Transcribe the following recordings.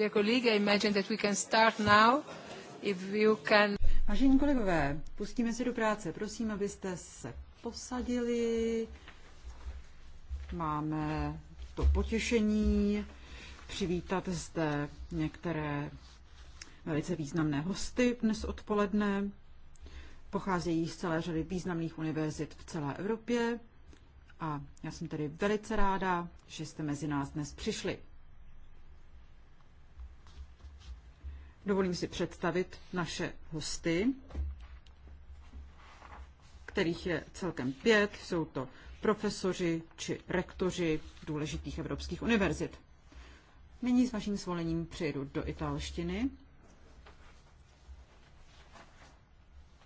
Dear colleague, I imagine that we can start now. If you can... Vážení kolegové, pustíme se do práce. Prosím, abyste se posadili. Máme to potěšení přivítat zde některé velice významné hosty dnes odpoledne. Pocházejí z celé řady významných univerzit v celé Evropě. A já jsem tedy velice ráda, že jste mezi nás dnes přišli. Dovolím si představit naše hosty, kterých je celkem pět. Jsou to profesoři či rektoři důležitých evropských univerzit. Nyní s vaším svolením přejdu do italštiny.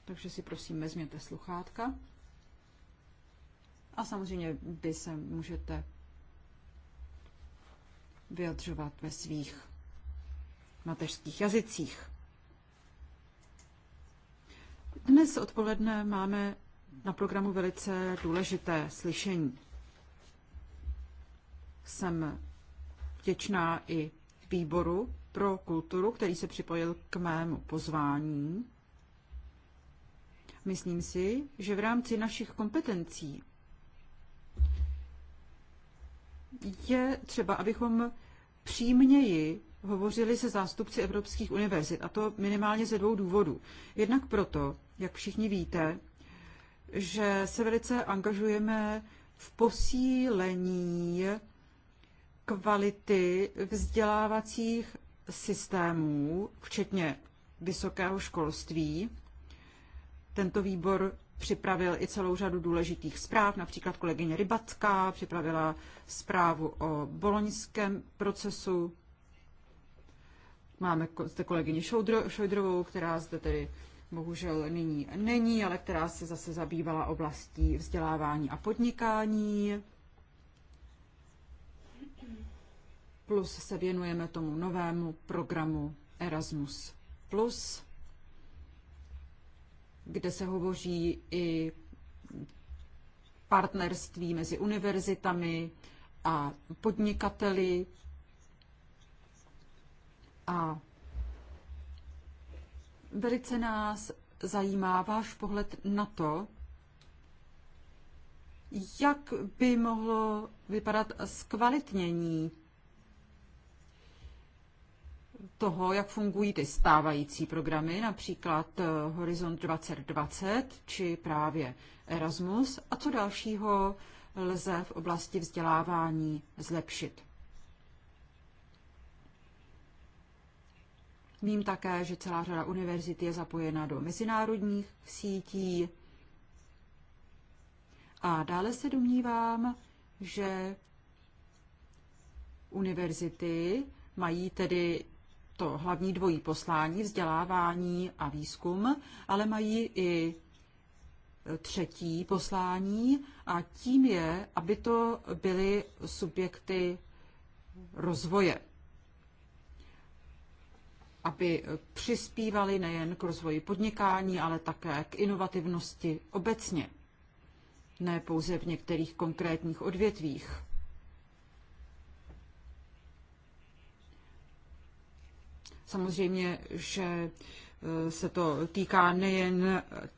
Takže si prosím vezměte sluchátka. A samozřejmě vy se můžete vyjadřovat ve svých mateřských jazycích. Dnes odpoledne máme na programu velice důležité slyšení. Jsem vděčná i výboru pro kulturu, který se připojil k mému pozvání. Myslím si, že v rámci našich kompetencí je třeba, abychom přímněji hovořili se zástupci evropských univerzit, a to minimálně ze dvou důvodů. Jednak proto, jak všichni víte, že se velice angažujeme v posílení kvality vzdělávacích systémů, včetně vysokého školství. Tento výbor připravil i celou řadu důležitých zpráv, například kolegyně Rybacká připravila zprávu o boloňském procesu. Máme zde kolegyni Šojdrovou, která zde tedy bohužel nyní není, ale která se zase zabývala oblastí vzdělávání a podnikání. Plus se věnujeme tomu novému programu Erasmus+, Plus, kde se hovoří i partnerství mezi univerzitami a podnikateli, a velice nás zajímá váš pohled na to, jak by mohlo vypadat zkvalitnění toho, jak fungují ty stávající programy, například eh, Horizont 2020 či právě Erasmus a co dalšího lze v oblasti vzdělávání zlepšit. Vím také, že celá řada univerzit je zapojena do mezinárodních sítí. A dále se domnívám, že univerzity mají tedy to hlavní dvojí poslání, vzdělávání a výzkum, ale mají i třetí poslání a tím je, aby to byly subjekty rozvoje aby přispívali nejen k rozvoji podnikání, ale také k inovativnosti obecně, ne pouze v některých konkrétních odvětvích. Samozřejmě, že eh, se to týká nejen eh,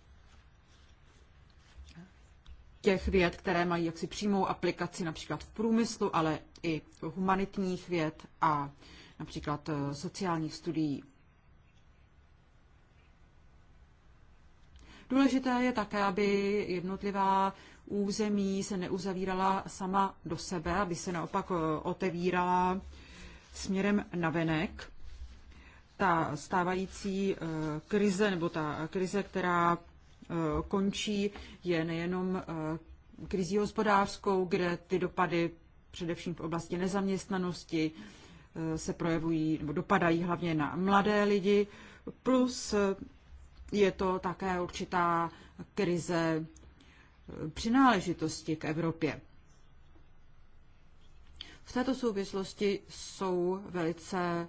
těch věd, které mají jaksi přímou aplikaci například v průmyslu, ale i humanitních věd a například eh, sociálních studií. Důležité je také, aby jednotlivá území se neuzavírala sama do sebe, aby se naopak eh, otevírala směrem venek. Ta stávající eh, krize nebo ta krize, která končí, je nejenom krizí hospodářskou, kde ty dopady především v oblasti nezaměstnanosti, Eh, se projevují nebo dopadají hlavně na mladé lidi, plus eh, je to také určitá krize eh, přináležitosti k Evropě. V této souvislosti jsou velice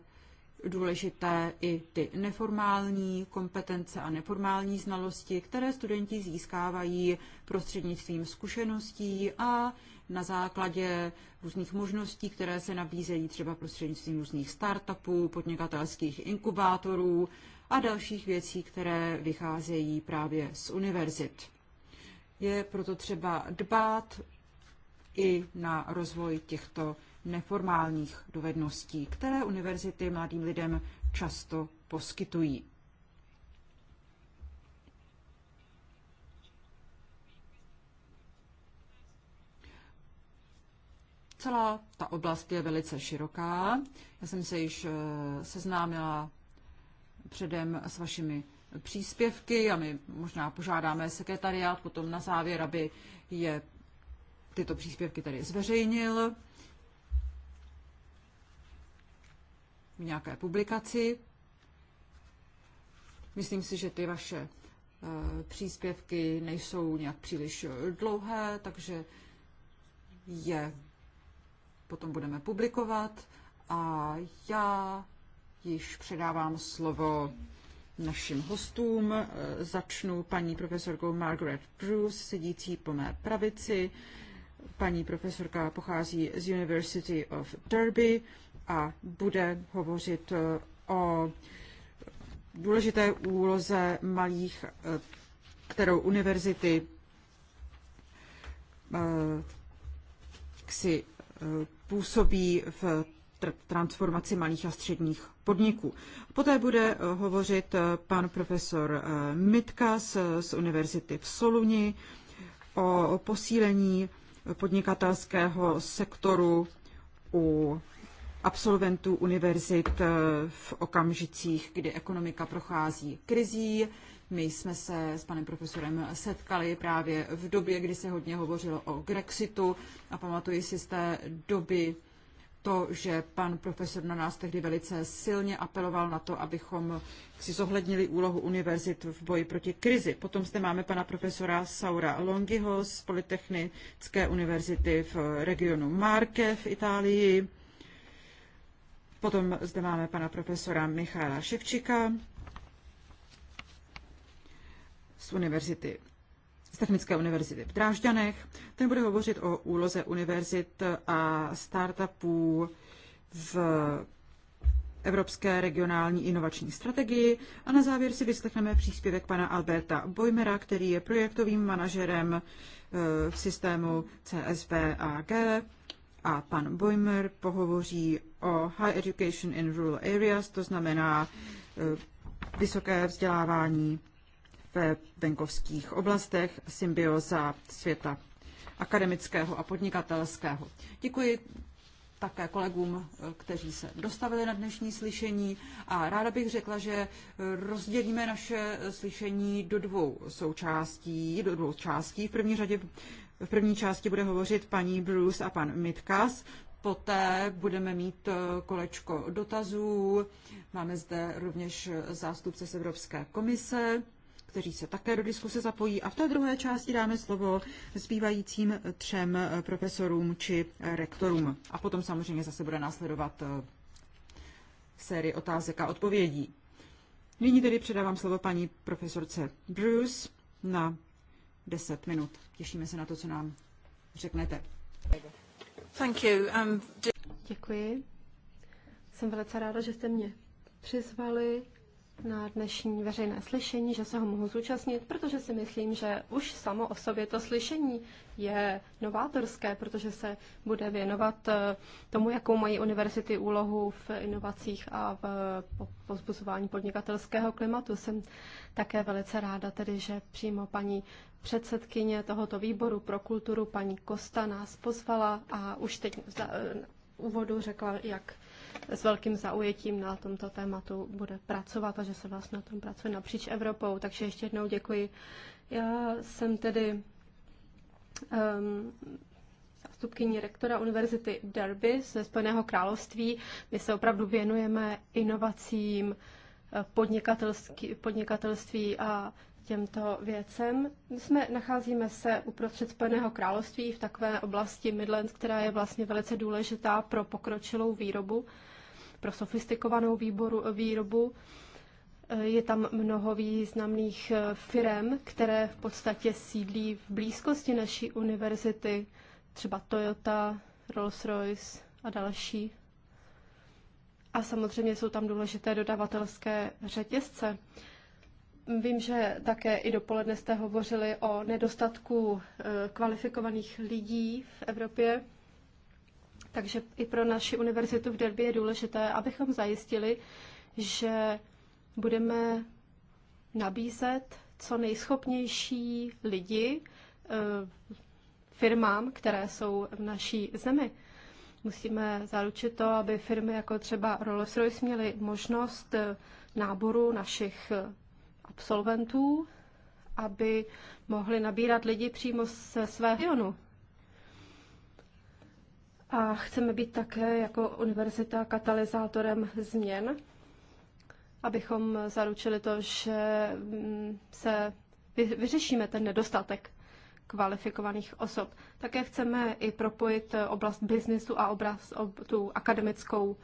důležité i ty neformální kompetence a neformální znalosti, které studenti získávají prostřednictvím zkušeností a na základě různých možností, které se nabízejí třeba prostřednictvím různých startupů, podnikatelských inkubátorů a dalších věcí, které vycházejí právě z univerzit. Je proto třeba dbát i na rozvoj těchto neformálních dovedností, které univerzity mladým lidem často poskytují. Celá ta oblast je velice široká. Já jsem se již eh, seznámila předem s vašimi příspěvky a my možná požádáme sekretariát potom na závěr, aby je tyto příspěvky tady zveřejnil v nějaké publikaci. Myslím si, že ty vaše eh, příspěvky nejsou nějak příliš eh, dlouhé, takže je potom budeme publikovat a já již předávám slovo našim hostům. Začnu paní profesorkou Margaret Bruce, sedící po mé pravici. Paní profesorka pochází z University of Derby a bude hovořit o důležité úloze malých, kterou univerzity eh, si eh, působí v transformaci malých a středních podniků. Poté bude eh, hovořit eh, pan profesor eh, Mitka z, z Univerzity v Soluni o posílení podnikatelského sektoru u absolventů univerzit v okamžicích, kdy ekonomika prochází krizí. My jsme se s panem profesorem setkali právě v době, kdy se hodně hovořilo o Grexitu a pamatuji si z té doby to, že pan profesor na nás tehdy velice silně apeloval na to, abychom si zohlednili úlohu univerzit v boji proti krizi. Potom zde máme pana profesora Saura Longiho z Politechnické univerzity v regionu Marke v Itálii. Potom zde máme pana profesora Michála Ševčíka z univerzity z Technické univerzity v Drážďanech. Ten bude hovořit o úloze univerzit a startupů v Evropské regionální inovační strategii a na závěr si vyslechneme příspěvek pana Alberta Bojmera, který je projektovým manažerem eh, v systému AG. a pan Bojmer pohovoří o High Education in Rural Areas, to znamená eh, vysoké vzdělávání ve venkovských oblastech, symbioza světa akademického a podnikatelského. Děkuji také kolegům, kteří se dostavili na dnešní slyšení. A ráda bych řekla, že rozdělíme naše slyšení do dvou součástí, do dvou částí. V první řadě v první části bude hovořit paní Bruce a pan Mitkas. Poté budeme mít kolečko dotazů. Máme zde rovněž zástupce z Evropské komise kteří se také do diskuse zapojí a v té druhé části dáme slovo zbývajícím třem profesorům či rektorům. A potom samozřejmě zase bude následovat eh, série otázek a odpovědí. Nyní tedy předávám slovo paní profesorce Bruce na 10 minut. Těšíme se na to, co nám řeknete. Thank you. Um, Děkuji. Jsem velice ráda, že jste mě přizvali na dnešní veřejné slyšení, že se ho mohu zúčastnit, protože si myslím, že už samo o sobě to slyšení je novátorské, protože se bude věnovat eh, tomu, jakou mají univerzity úlohu v inovacích a v eh, pozbuzování podnikatelského klimatu. Jsem také velice ráda tedy, že přímo paní předsedkyně tohoto výboru pro kulturu, paní Kosta, nás pozvala a už teď eh, úvodu řekla, jak s velkým zaujetím na tomto tématu bude pracovat a že se vlastně na tom pracuje napříč Evropou. Takže ještě jednou děkuji. Já jsem tedy um, zástupkyní rektora Univerzity Derby ze Spojeného království. My se opravdu věnujeme inovacím, eh, podnikatelství, podnikatelství a těmto věcem. My jsme, nacházíme se uprostřed Spojeného království v takové oblasti Midlands, která je vlastně velice důležitá pro pokročilou výrobu pro sofistikovanou výboru, výrobu. Eh, je tam mnoho významných eh, firm, které v podstatě sídlí v blízkosti naší univerzity, třeba Toyota, Rolls-Royce a další. A samozřejmě jsou tam důležité dodavatelské řetězce. Vím, že také i dopoledne jste hovořili o nedostatku eh, kvalifikovaných lidí v Evropě. Takže i pro naši univerzitu v Derby je důležité, abychom zajistili, že budeme nabízet co nejschopnější lidi eh, firmám, které jsou v naší zemi. Musíme zaručit to, aby firmy jako třeba Rolls-Royce měly možnost eh, náboru našich eh, absolventů, aby mohli nabírat lidi přímo ze svého regionu a chceme být také jako univerzita katalyzátorem změn, abychom zaručili to, že mm, se vyřešíme ten nedostatek kvalifikovaných osob. Také chceme i propojit oblast biznesu a oblast, ob, tu akademickou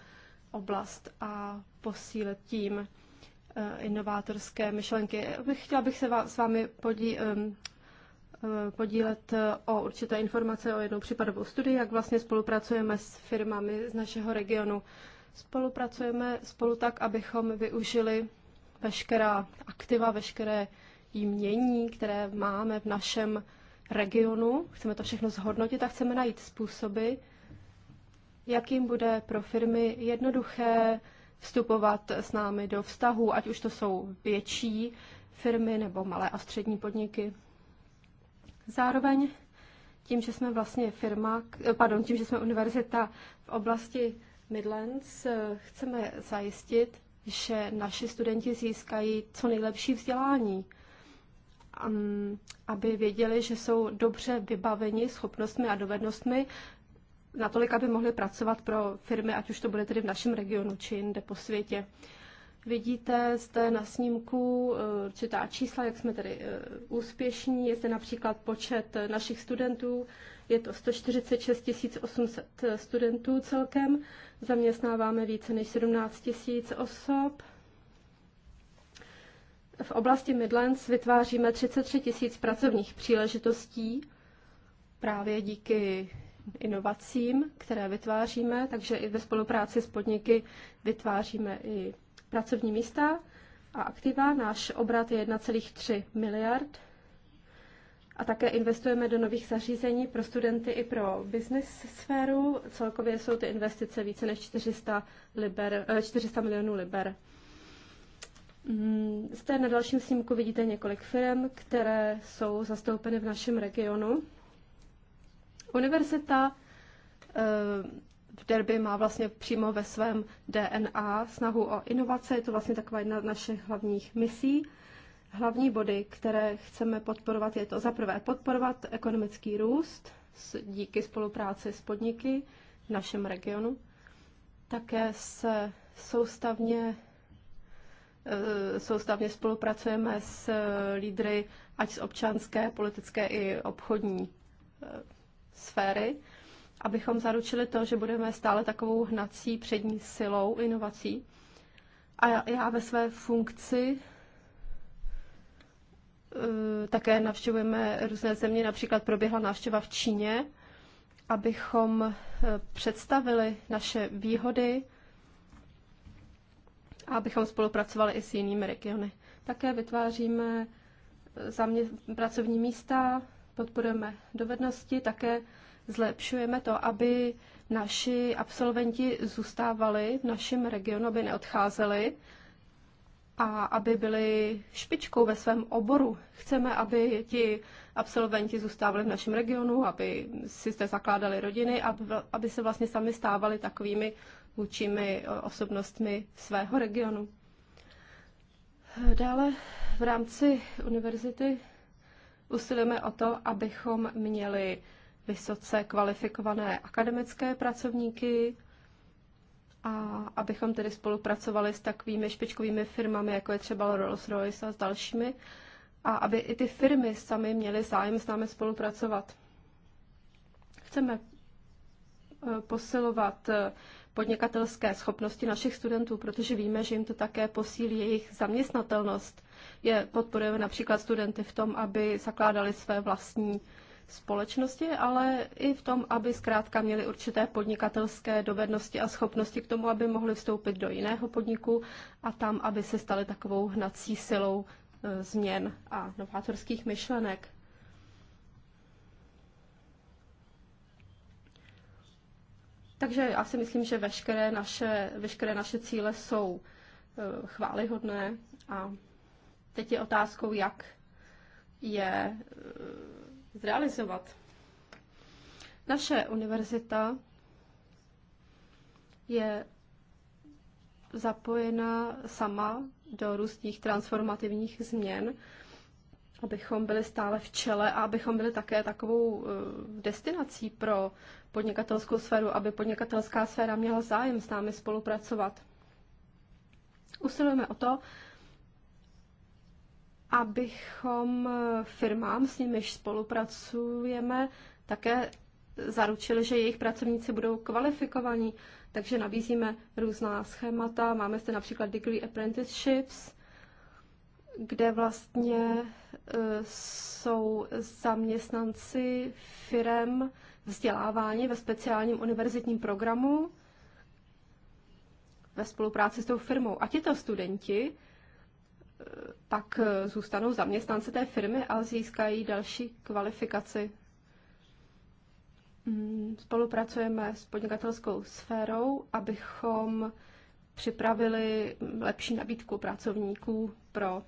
oblast a posílit tím eh, inovátorské myšlenky. Chtěla bych se s vámi podí, um, Eh, podílet eh, o určité informace o jednou případovou studii, jak vlastně spolupracujeme s firmami z našeho regionu. Spolupracujeme spolu tak, abychom využili veškerá aktiva, veškeré jmění, které máme v našem regionu. Chceme to všechno zhodnotit a chceme najít způsoby, jakým bude pro firmy jednoduché vstupovat s námi do vztahu, ať už to jsou větší firmy nebo malé a střední podniky. Zároveň tím, že jsme vlastně firma, pardon, tím, že jsme univerzita v oblasti Midlands, chceme zajistit, že naši studenti získají co nejlepší vzdělání, aby věděli, že jsou dobře vybaveni schopnostmi a dovednostmi, natolik, aby mohli pracovat pro firmy, ať už to bude tedy v našem regionu či jinde po světě. Vidíte zde na snímku eh, určitá čísla, jak jsme tedy eh, úspěšní. Je zde například počet eh, našich studentů, je to 146 800 studentů celkem. Zaměstnáváme více než 17 000 osob. V oblasti Midlands vytváříme 33 000 pracovních příležitostí právě díky inovacím, které vytváříme, takže i ve spolupráci s podniky vytváříme i pracovní místa a aktiva. Náš obrat je 1,3 miliard. A také investujeme do nových zařízení pro studenty i pro business sféru. Celkově jsou ty investice více než 400, liber, 400 eh, milionů liber. Mm, zde na dalším snímku vidíte několik firm, které jsou zastoupeny v našem regionu. Univerzita eh, v derby má vlastně přímo ve svém DNA snahu o inovace. Je to vlastně taková jedna z našich hlavních misí. Hlavní body, které chceme podporovat, je to za prvé podporovat ekonomický růst díky spolupráci s podniky v našem regionu. Také se soustavně, eh, soustavně spolupracujeme s eh, lídry ať z občanské, politické i obchodní eh, sféry abychom zaručili to, že budeme stále takovou hnací přední silou inovací. A já, já ve své funkci eh, také navštěvujeme různé země, například proběhla návštěva v Číně, abychom eh, představili naše výhody a abychom spolupracovali i s jinými regiony. Také vytváříme eh, zamě- pracovní místa, podporujeme dovednosti, také zlepšujeme to, aby naši absolventi zůstávali v našem regionu, aby neodcházeli a aby byli špičkou ve svém oboru. Chceme, aby ti absolventi zůstávali v našem regionu, aby si zde zakládali rodiny, aby se vlastně sami stávali takovými vůčími eh, osobnostmi svého regionu. Dále v rámci univerzity usilujeme o to, abychom měli vysoce kvalifikované akademické pracovníky a abychom tedy spolupracovali s takovými špičkovými firmami, jako je třeba Rolls-Royce a s dalšími, a aby i ty firmy sami měly zájem s námi spolupracovat. Chceme eh, posilovat eh, podnikatelské schopnosti našich studentů, protože víme, že jim to také posílí jejich zaměstnatelnost. Je podporujeme například studenty v tom, aby zakládali své vlastní společnosti, ale i v tom, aby zkrátka měli určité podnikatelské dovednosti a schopnosti k tomu, aby mohli vstoupit do jiného podniku a tam, aby se stali takovou hnací silou e, změn a novátorských myšlenek. Takže já si myslím, že veškeré naše, veškeré naše cíle jsou e, chválihodné a teď je otázkou, jak je e, zrealizovat. Naše univerzita je zapojena sama do různých transformativních změn, abychom byli stále v čele a abychom byli také takovou eh, destinací pro podnikatelskou sféru, aby podnikatelská sféra měla zájem s námi spolupracovat. Usilujeme o to, abychom firmám, s nimiž spolupracujeme, také zaručili, že jejich pracovníci budou kvalifikovaní. Takže nabízíme různá schémata. Máme zde například Degree Apprenticeships, kde vlastně e, jsou zaměstnanci firem vzdělávání ve speciálním univerzitním programu ve spolupráci s tou firmou. A tito studenti pak eh, zůstanou zaměstnanci té firmy a získají další kvalifikaci. Mm, spolupracujeme s podnikatelskou sférou, abychom připravili lepší nabídku pracovníků pro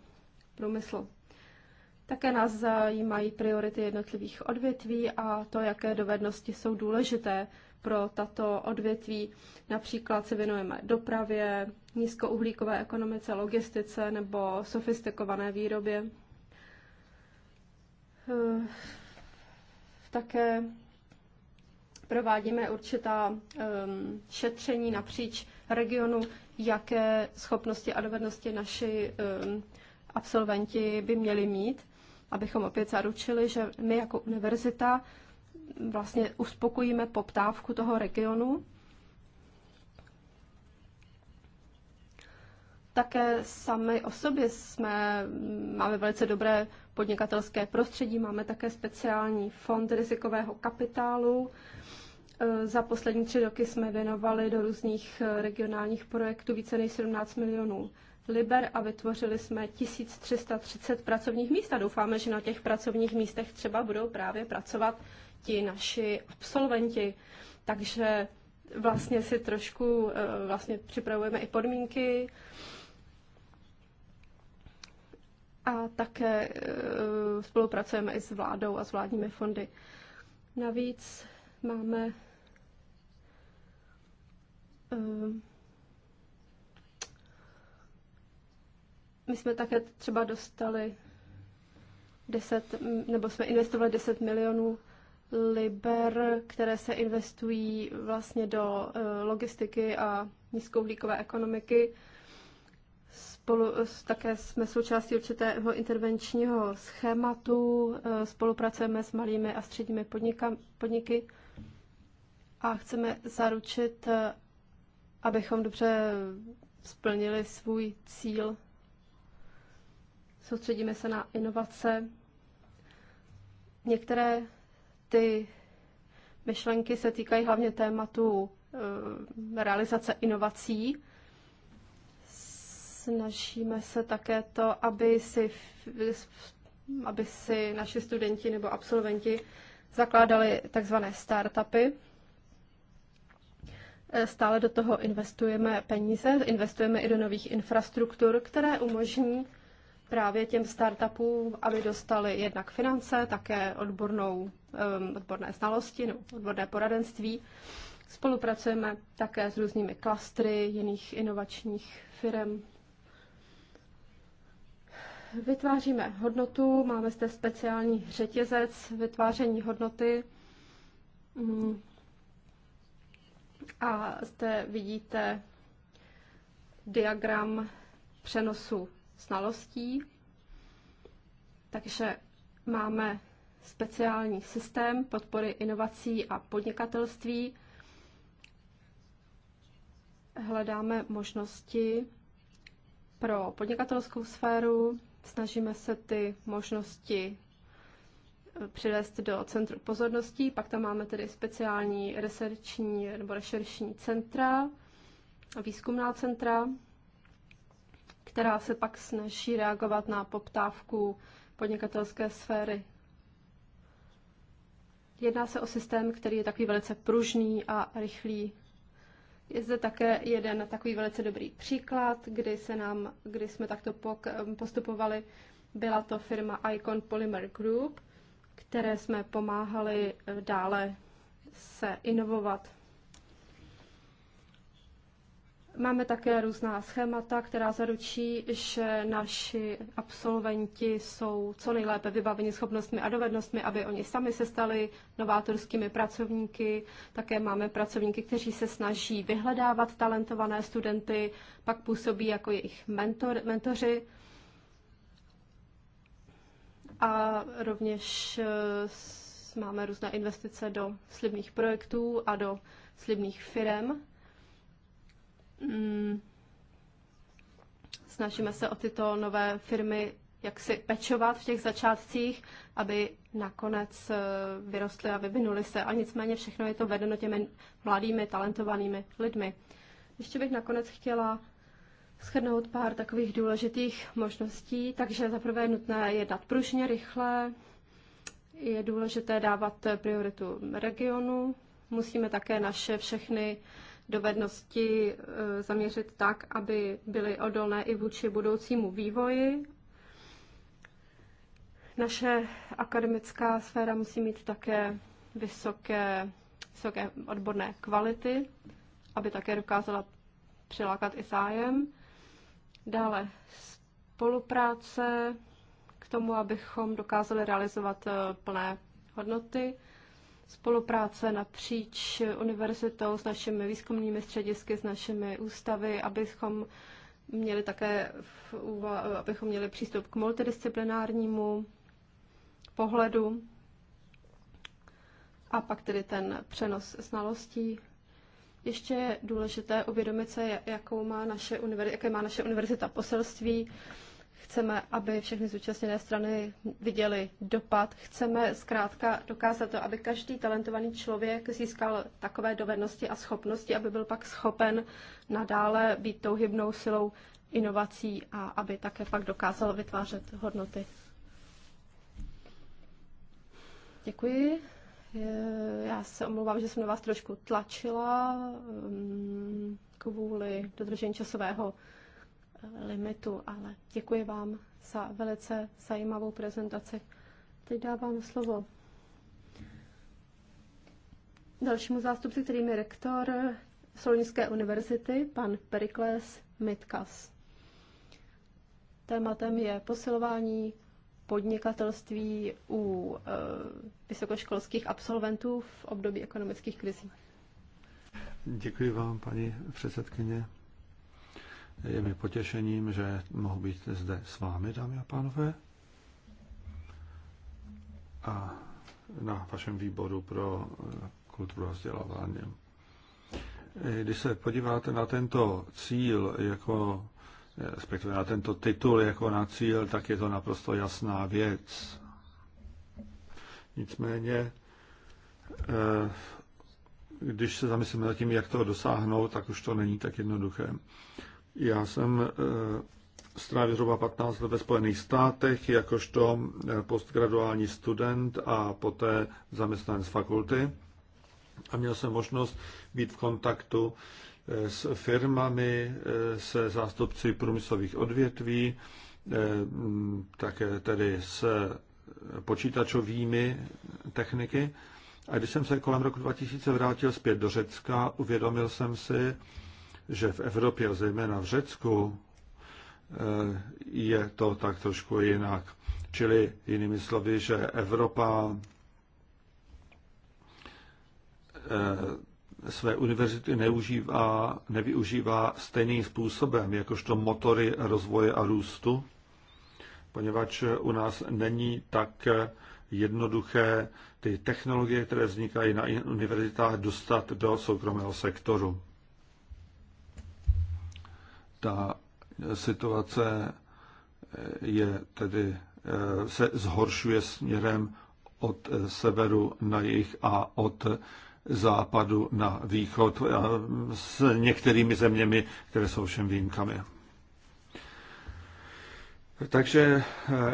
průmysl. Také nás zajímají priority jednotlivých odvětví a to, jaké dovednosti jsou důležité pro tato odvětví. Například se věnujeme dopravě, nízkouhlíkové ekonomice, logistice nebo sofistikované výrobě. Eh, také provádíme určitá ehm, šetření napříč regionu, jaké schopnosti a dovednosti naši ehm, absolventi by měli mít, abychom opět zaručili, že my jako univerzita vlastně uspokojíme poptávku toho regionu. Také sami o sobě jsme, máme velice dobré podnikatelské prostředí, máme také speciální fond rizikového kapitálu. E, za poslední tři roky jsme věnovali do různých e, regionálních projektů více než 17 milionů liber a vytvořili jsme 1330 pracovních míst a doufáme, že na těch pracovních místech třeba budou právě pracovat ti naši absolventi. Takže vlastně si trošku eh, vlastně připravujeme i podmínky a také eh, spolupracujeme i s vládou a s vládními fondy. Navíc máme eh, my jsme také třeba dostali 10, nebo jsme investovali 10 milionů liber, které se investují vlastně do eh, logistiky a nízkouhlíkové ekonomiky. Spolu, eh, také jsme součástí určitého intervenčního schématu, eh, spolupracujeme s malými a středními podnika, podniky a chceme zaručit, abychom dobře splnili svůj cíl. Soustředíme se na inovace. Některé ty myšlenky se týkají hlavně tématu eh, realizace inovací. Snažíme se také to, aby si, aby si naši studenti nebo absolventi zakládali takzvané startupy. Eh, stále do toho investujeme peníze, investujeme i do nových infrastruktur, které umožní právě těm startupům, aby dostali jednak finance, také odbornou, odborné znalosti nebo odborné poradenství. Spolupracujeme také s různými klastry jiných inovačních firm. Vytváříme hodnotu, máme zde speciální řetězec vytváření hodnoty. Mm. A zde vidíte diagram přenosu znalostí. Takže máme speciální systém podpory inovací a podnikatelství. Hledáme možnosti pro podnikatelskou sféru, snažíme se ty možnosti eh, přivést do centru pozorností, pak tam máme tedy speciální researchní nebo rešeršní centra, výzkumná centra, která se pak snaží reagovat na poptávku podnikatelské sféry. Jedná se o systém, který je takový velice pružný a rychlý. Je zde také jeden takový velice dobrý příklad, kdy, se nám, kdy jsme takto postupovali. Byla to firma Icon Polymer Group, které jsme pomáhali dále se inovovat. Máme také různá schémata, která zaručí, že naši absolventi jsou co nejlépe vybaveni schopnostmi a dovednostmi, aby oni sami se stali novátorskými pracovníky. Také máme pracovníky, kteří se snaží vyhledávat talentované studenty, pak působí jako jejich mentor, mentoři. A rovněž eh, máme různé investice do slibných projektů a do slibných firm Mm. snažíme se o tyto nové firmy jak si pečovat v těch začátcích, aby nakonec eh, vyrostly a vyvinuly se. A nicméně všechno je to vedeno těmi mladými, talentovanými lidmi. Ještě bych nakonec chtěla shrnout pár takových důležitých možností. Takže zaprvé je nutné jednat pružně, rychle. Je důležité dávat prioritu regionu. Musíme také naše všechny dovednosti eh, zaměřit tak, aby byly odolné i vůči budoucímu vývoji. Naše akademická sféra musí mít také vysoké, vysoké odborné kvality, aby také dokázala přilákat i zájem. Dále spolupráce k tomu, abychom dokázali realizovat eh, plné hodnoty spolupráce napříč univerzitou s našimi výzkumnými středisky, s našimi ústavy, abychom měli také abychom měli přístup k multidisciplinárnímu pohledu a pak tedy ten přenos znalostí. Ještě je důležité uvědomit se, jakou má naše univerzita, jaké má naše univerzita poselství. Chceme, aby všechny zúčastněné strany viděly dopad. Chceme zkrátka dokázat to, aby každý talentovaný člověk získal takové dovednosti a schopnosti, aby byl pak schopen nadále být tou hybnou silou inovací a aby také pak dokázal vytvářet hodnoty. Děkuji. Já se omlouvám, že jsem na vás trošku tlačila mm, kvůli dodržení časového limitu, ale děkuji vám za velice zajímavou prezentaci. Teď dávám slovo dalšímu zástupci, kterým je rektor Solnické univerzity, pan Perikles Mitkas. Tématem je posilování podnikatelství u e, vysokoškolských absolventů v období ekonomických krizí. Děkuji vám, paní předsedkyně. Je mi potěšením, že mohu být zde s vámi, dámy a pánové, a na vašem výboru pro kulturu a vzdělávání. Když se podíváte na tento cíl jako respektive na tento titul jako na cíl, tak je to naprosto jasná věc. Nicméně, eh, když se zamyslíme nad tím, jak to dosáhnout, tak už to není tak jednoduché. Já jsem eh, strávil zhruba 15 let ve Spojených státech jakožto eh, postgraduální student a poté zaměstnanec fakulty. A měl jsem možnost být v kontaktu eh, s firmami, se zástupci průmyslových odvětví, také tedy s počítačovými techniky. A když jsem se kolem roku 2000 vrátil zpět do Řecka, uvědomil jsem si, že v Evropě, zejména v Řecku, eh, je to tak trošku jinak. Čili jinými slovy, že Evropa eh, své univerzity neužívá, nevyužívá stejným způsobem, jakožto motory rozvoje a růstu, poněvadž u nás není tak jednoduché ty technologie, které vznikají na univerzitách, dostat do soukromého sektoru ta situace je tedy, eh, se zhoršuje směrem od eh, severu na jih a od západu na východ eh, s některými zeměmi, které jsou všem výjimkami. Takže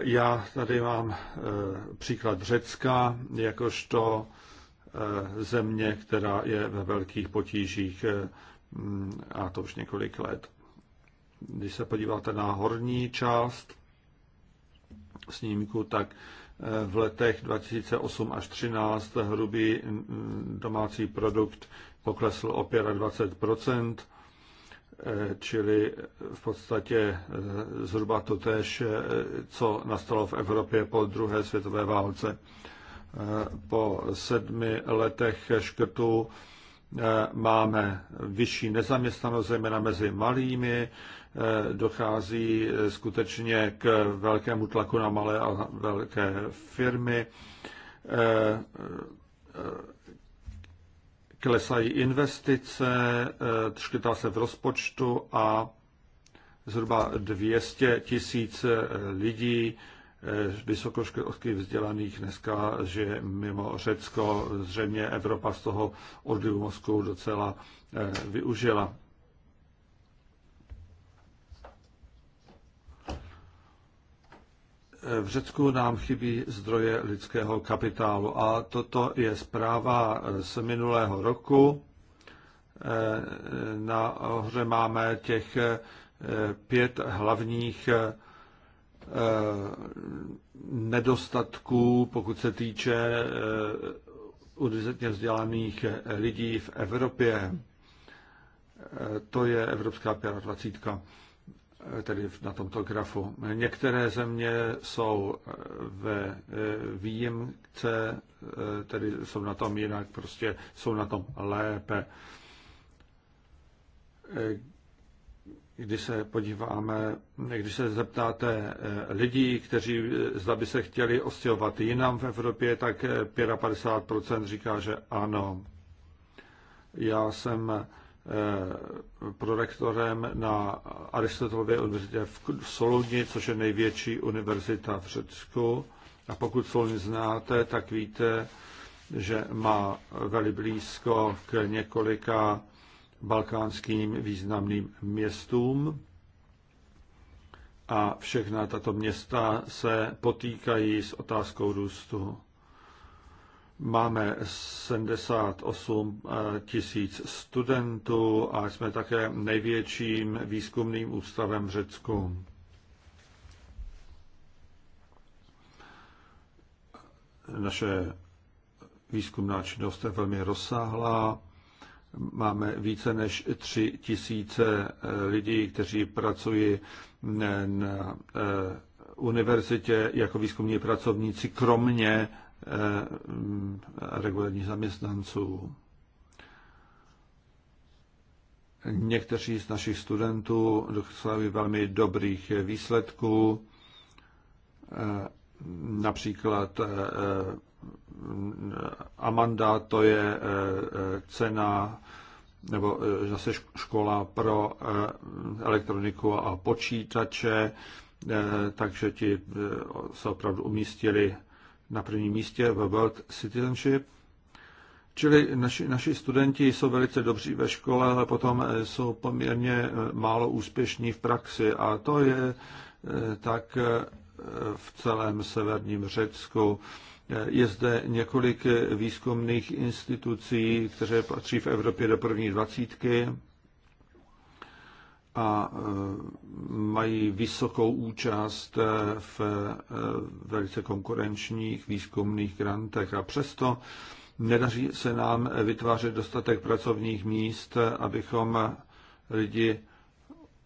já tady mám příklad Řecka, jakožto země, která je ve velkých potížích a to už několik let. Když se podíváte na horní část snímku, tak eh, v letech 2008 až 2013 hrubý mm, domácí produkt poklesl o 25 eh, čili v podstatě eh, zhruba to tež, co nastalo v Evropě po druhé světové válce. Po sedmi letech škrtů máme vyšší nezaměstnanost, zejména mezi malými Eh, dochází eh, skutečně k velkému tlaku na malé a velké firmy. Eh, klesají investice, škytá se v rozpočtu a zhruba 200 tisíc lidí vysokoškolských vzdělaných dneska že mimo Řecko. Zřejmě Evropa z toho odlivu mozku docela využila. v Řecku nám chybí zdroje lidského kapitálu a toto je zpráva z minulého roku. Eh, Na hře máme těch eh, pět hlavních eh, nedostatků, pokud se týče univerzitně vzdělaných lidí v Evropě. To je Evropská 25 tedy na tomto grafu. Některé země jsou eh, ve eh, výjimce, eh, tedy jsou na tom jinak, prostě jsou na tom lépe. Když se podíváme, když se zeptáte lidí, kteří zda by se chtěli ostěhovat jinam v Evropě, tak 55% říká, že ano. Já jsem Eh, prorektorem na Aristotelově univerzitě v Soluni, což je největší univerzita v Řecku. A pokud Solun znáte, tak víte, že má velmi blízko k několika balkánským významným městům. A všechna tato města se potýkají s otázkou růstu. Máme 78 eh, tisíc studentů a jsme také největším výzkumným ústavem v Řecku. Naše výzkumná činnost je velmi rozsáhlá. Máme více než 3 tisíce eh, lidí, kteří pracují eh, na univerzitě jako výzkumní pracovníci, kromě Eh, regulárních zaměstnanců. Někteří z našich studentů dosáhli velmi dobrých výsledků, eh, například eh, Amanda, to je cena nebo zase škola pro elektroniku a počítače, takže ti se opravdu umístili na prvním místě ve World Citizenship. Čili naši, naši studenti jsou velice dobří ve škole, ale potom eh, jsou poměrně eh, málo úspěšní v praxi. A to je eh, tak v celém severním Řecku. Je zde několik výzkumných institucí, které patří v Evropě do první dvacítky a e, mají vysokou účast e, v e, velice konkurenčních výzkumných grantech. A přesto nedaří se nám vytvářet dostatek pracovních míst, abychom lidi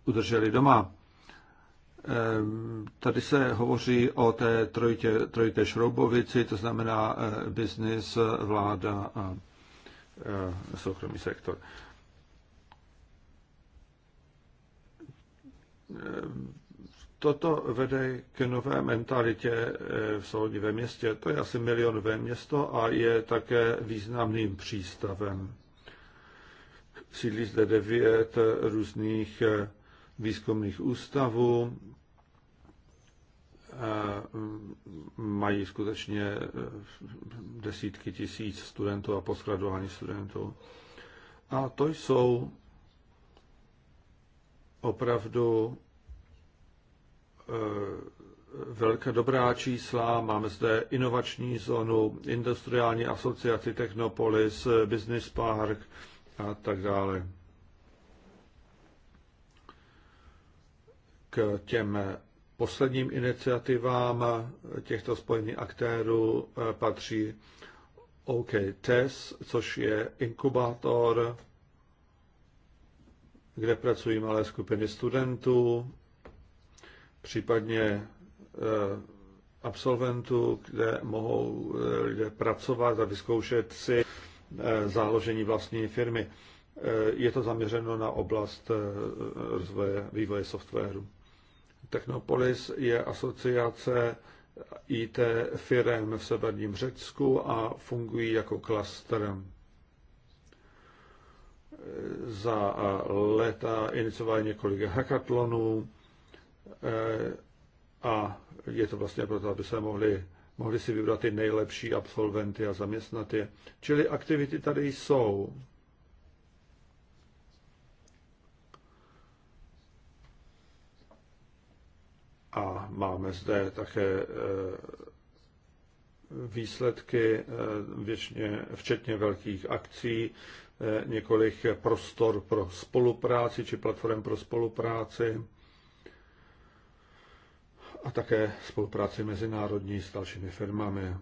udrželi doma. Tady se hovoří o té trojité, trojité šroubovici, to znamená biznis, vláda a soukromý sektor. toto vede k nové mentalitě eh, v Soudě ve městě. To je asi milionové město a je také významným přístavem. Sídlí zde devět různých eh, výzkumných ústavů, mm, mají skutečně eh, desítky tisíc studentů a poskladování studentů. A to jsou opravdu eh, velká dobrá čísla. Máme zde inovační zónu, industriální asociaci Technopolis, Business Park a tak dále. K těm posledním iniciativám těchto spojených aktérů eh, patří OK Test, e což je inkubátor kde pracují malé skupiny studentů, případně eh, absolventů, kde mohou eh, lidé pracovat a vyzkoušet si eh, záložení vlastní firmy. Je to zaměřeno na oblast rozvoje, vývoje softwaru. Technopolis je asociace IT firm v severním Řecku a fungují jako klaster za léta inicioval několik hackathonů eh, a je to vlastně proto, aby se mohli, mohli si vybrat ty nejlepší absolventy a zaměstnat je. Čili aktivity tady jsou. A máme zde také eh, výsledky, eh, většině, včetně velkých akcí, Eh, několik prostor pro spolupráci či platform pro spolupráci a také spolupráci mezinárodní s dalšími firmami.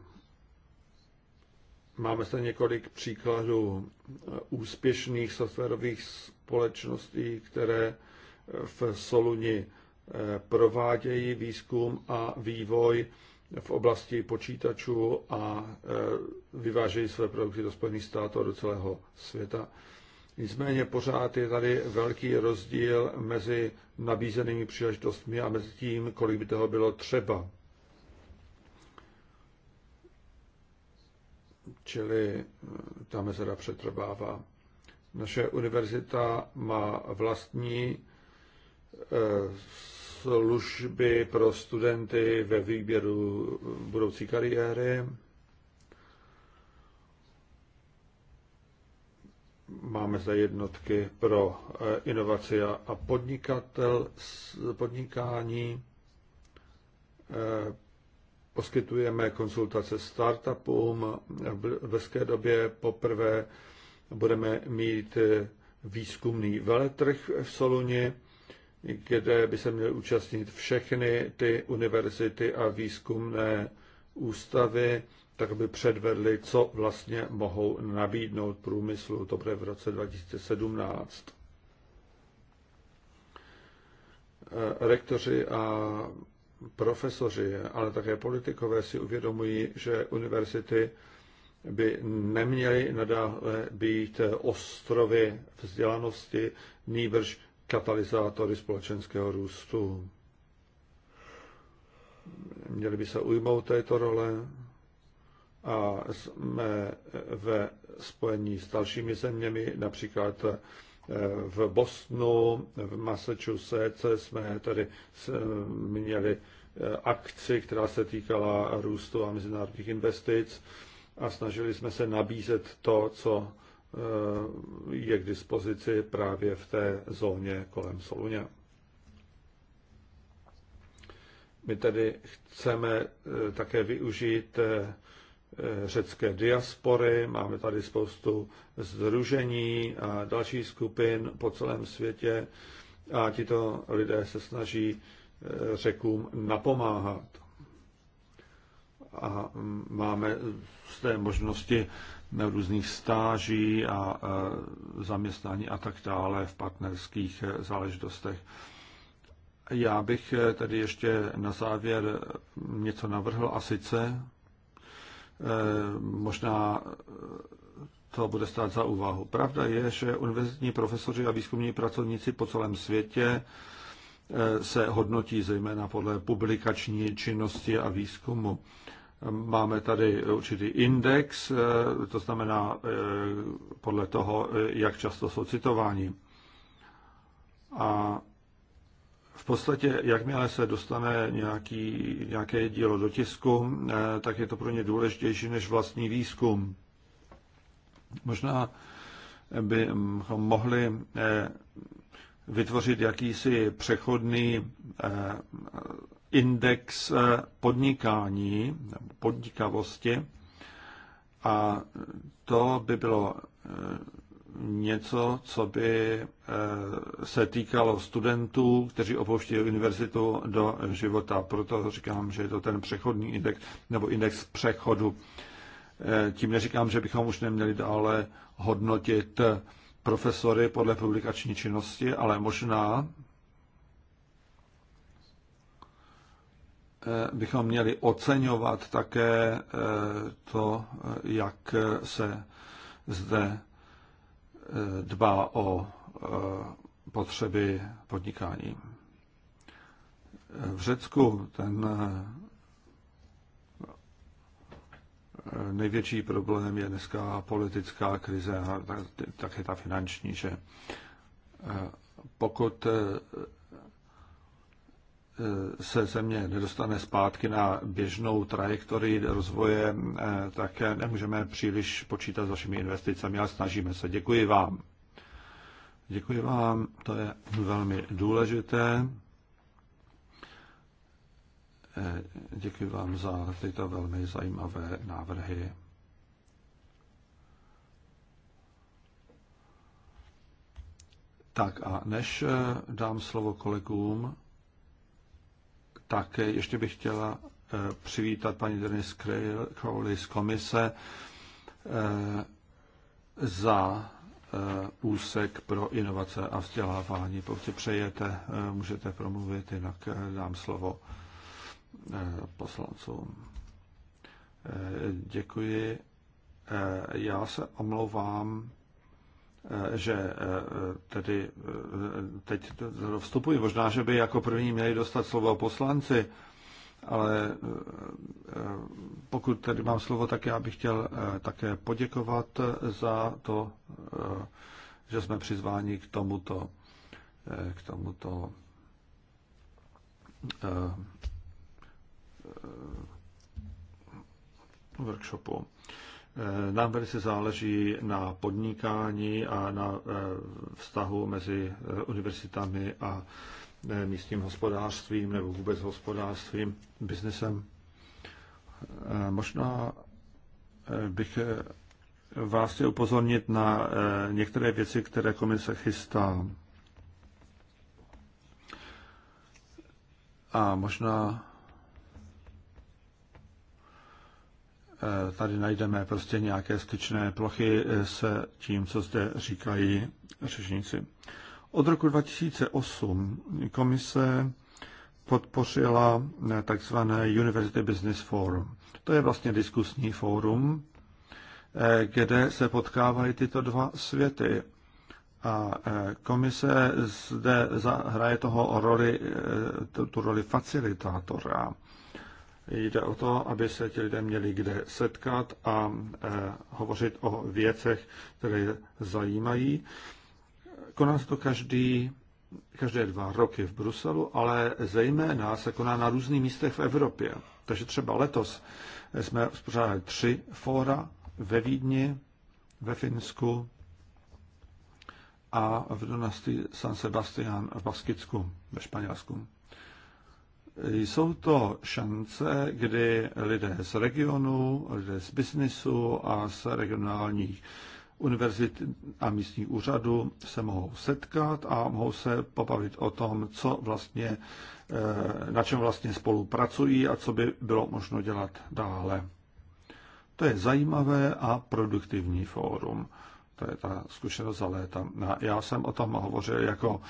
Máme zde několik příkladů eh, úspěšných softwarových společností, které eh, v Soluni provádějí výzkum a vývoj v oblasti počítačů a e, vyvážejí své produkty do Spojených států a do celého světa. Nicméně pořád je tady velký rozdíl mezi nabízenými příležitostmi a mezi tím, kolik by toho bylo třeba. Čili e, ta mezera přetrvává. Naše univerzita má vlastní e, služby pro studenty ve výběru budoucí kariéry. Máme zde jednotky pro eh, inovaci a podnikatel, podnikání. Eh, poskytujeme konsultace startupům. V brzké době poprvé budeme mít eh, výzkumný veletrh v Soluni kde by se měly účastnit všechny ty univerzity a výzkumné ústavy, tak by předvedli, co vlastně mohou nabídnout průmyslu. To bude v roce 2017. Eh, rektoři a profesoři, ale také politikové si uvědomují, že univerzity by neměly nadále být ostrovy vzdělanosti, nýbrž katalyzátory společenského růstu. Měli by se ujmout této role a jsme ve spojení s dalšími zeměmi, například eh, v Bosnu, v Massachusetts jsme tady eh, měli eh, akci, která se týkala růstu a mezinárodních investic a snažili jsme se nabízet to, co Eh, je k dispozici právě v té zóně kolem Soluně. My tedy chceme eh, také využít eh, řecké diaspory, máme tady spoustu združení a dalších skupin po celém světě a tito lidé se snaží řekům napomáhat. A mm, máme z té možnosti na různých stáží a zaměstnání a tak dále v partnerských eh, záležitostech. Já bych eh, tedy ještě na závěr něco navrhl a sice eh, možná to bude stát za úvahu. Pravda je, že univerzitní profesoři a výzkumní pracovníci po celém světě se hodnotí zejména podle publikační činnosti a výzkumu. Máme tady určitý index, eh, to znamená eh, podle toho, eh, jak často jsou citováni. A v podstatě, jakmile se dostane nějaký, nějaké dílo do tisku, tak je to pro ně důležitější než vlastní výzkum. Možná bychom mohli vytvořit jakýsi přechodný index eh, podnikání, podnikavosti a to by bylo eh, něco, co by eh, se týkalo studentů, kteří opouští univerzitu do života. Proto říkám, že je to ten přechodný index nebo index přechodu. Tím neříkám, že bychom už neměli dále hodnotit profesory podle publikační činnosti, ale možná Eh, bychom měli oceňovat také eh, to, eh, jak se zde dbá o potřeby podnikání. V Řecku ten největší problém je dneska politická krize a také ta finanční, že pokud E, se země nedostane zpátky na běžnou trajektorii rozvoje, e, tak nemůžeme příliš počítat s vašimi investicemi, ale snažíme se. Děkuji vám. Děkuji vám, to je velmi důležité. E, děkuji vám za tyto velmi zajímavé návrhy. Tak a než dám slovo kolegům, tak ještě bych chtěla eh, přivítat paní Denise Crowley z komise eh, za eh, úsek pro inovace a vzdělávání. Pokud přejete, můžete promluvit, jinak dám slovo poslancům. Děkuji. Já se omlouvám Eh, že eh, tedy eh, teď vstupuji, možná, že by jako první měli dostat slovo poslanci, ale pokud tedy mám slovo, tak já bych chtěl také poděkovat za to, že jsme přizváni k tomuto, k tomuto workshopu. Eh, nám velice záleží na podnikání a na eh, vztahu mezi eh, univerzitami a místním hospodářstvím nebo vůbec hospodářstvím, biznesem. Možná bych vás chtěl upozornit na některé věci, které komise chystá. A možná Eh, tady najdeme prostě nějaké styčné plochy eh, s tím, co zde říkají řečníci. Od roku 2008 komise podpořila eh, takzvané University Business Forum. To je vlastně diskusní fórum, kde se potkávají tyto dva světy. A komise zde hraje toho roli, tu roli facilitátora. Jde o to, aby se ti lidé měli kde setkat a eh, hovořit o věcech, které je zajímají. Koná se to každý, každé dva roky v Bruselu, ale zejména se koná na různých místech v Evropě. Takže třeba letos jsme uspořádali tři fóra ve Vídni, ve Finsku a v Donosti San Sebastián v Baskicku ve Španělsku. Jsou to šance, kdy lidé z regionu, lidé z biznisu a z regionálních univerzit a místních úřadů se mohou setkat a mohou se pobavit o tom, co vlastně, eh, na čem vlastně spolupracují a co by bylo možno dělat dále. To je zajímavé a produktivní fórum. To je ta zkušenost za léta. já jsem o tom hovořil jako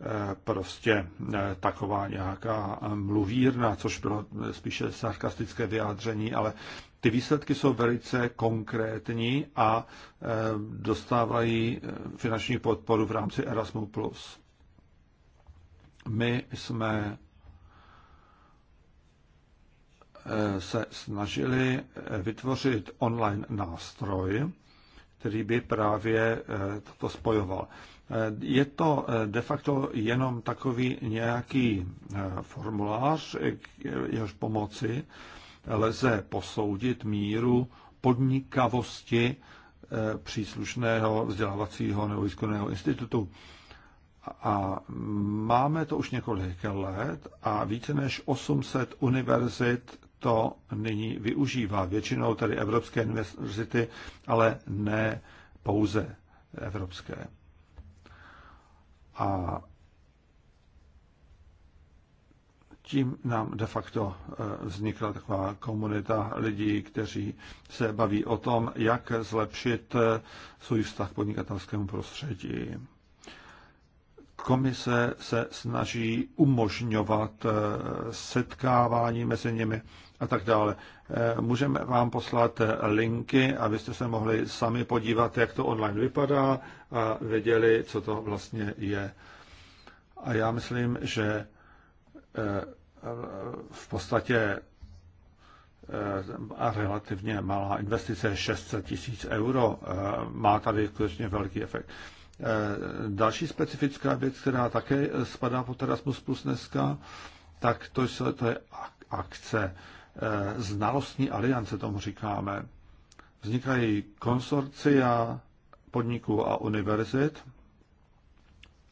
eh, prostě eh, taková nějaká mluvírna, což bylo eh, spíše sarkastické vyjádření, ale ty výsledky jsou velice konkrétní a dostávají finanční podporu v rámci Erasmus+. My jsme se snažili vytvořit online nástroj, který by právě eh, toto spojoval. Eh, je to eh, de facto jenom takový nějaký formulář, jehož pomoci lze posoudit míru podnikavosti příslušného vzdělávacího nebo výzkumného institutu. A máme to už několik let a více než 800 univerzit to nyní využívá. Většinou tedy evropské univerzity, ale ne pouze evropské. A tím nám de facto e, vznikla taková komunita lidí, kteří se baví o tom, jak zlepšit e, svůj vztah k podnikatelskému prostředí. Komise se snaží umožňovat eh, setkávání mezi nimi a tak dále. Eh, můžeme vám poslat eh, linky, abyste se mohli sami podívat, jak to online vypadá a věděli, co to vlastně je. A já myslím, že v podstatě a relativně malá investice 600 tisíc euro má tady skutečně velký efekt. Eh, další specifická věc, která také spadá pod Erasmus Plus dneska, tak to, je to je akce. Eh, znalostní aliance tomu říkáme. Vznikají konsorcia podniků a univerzit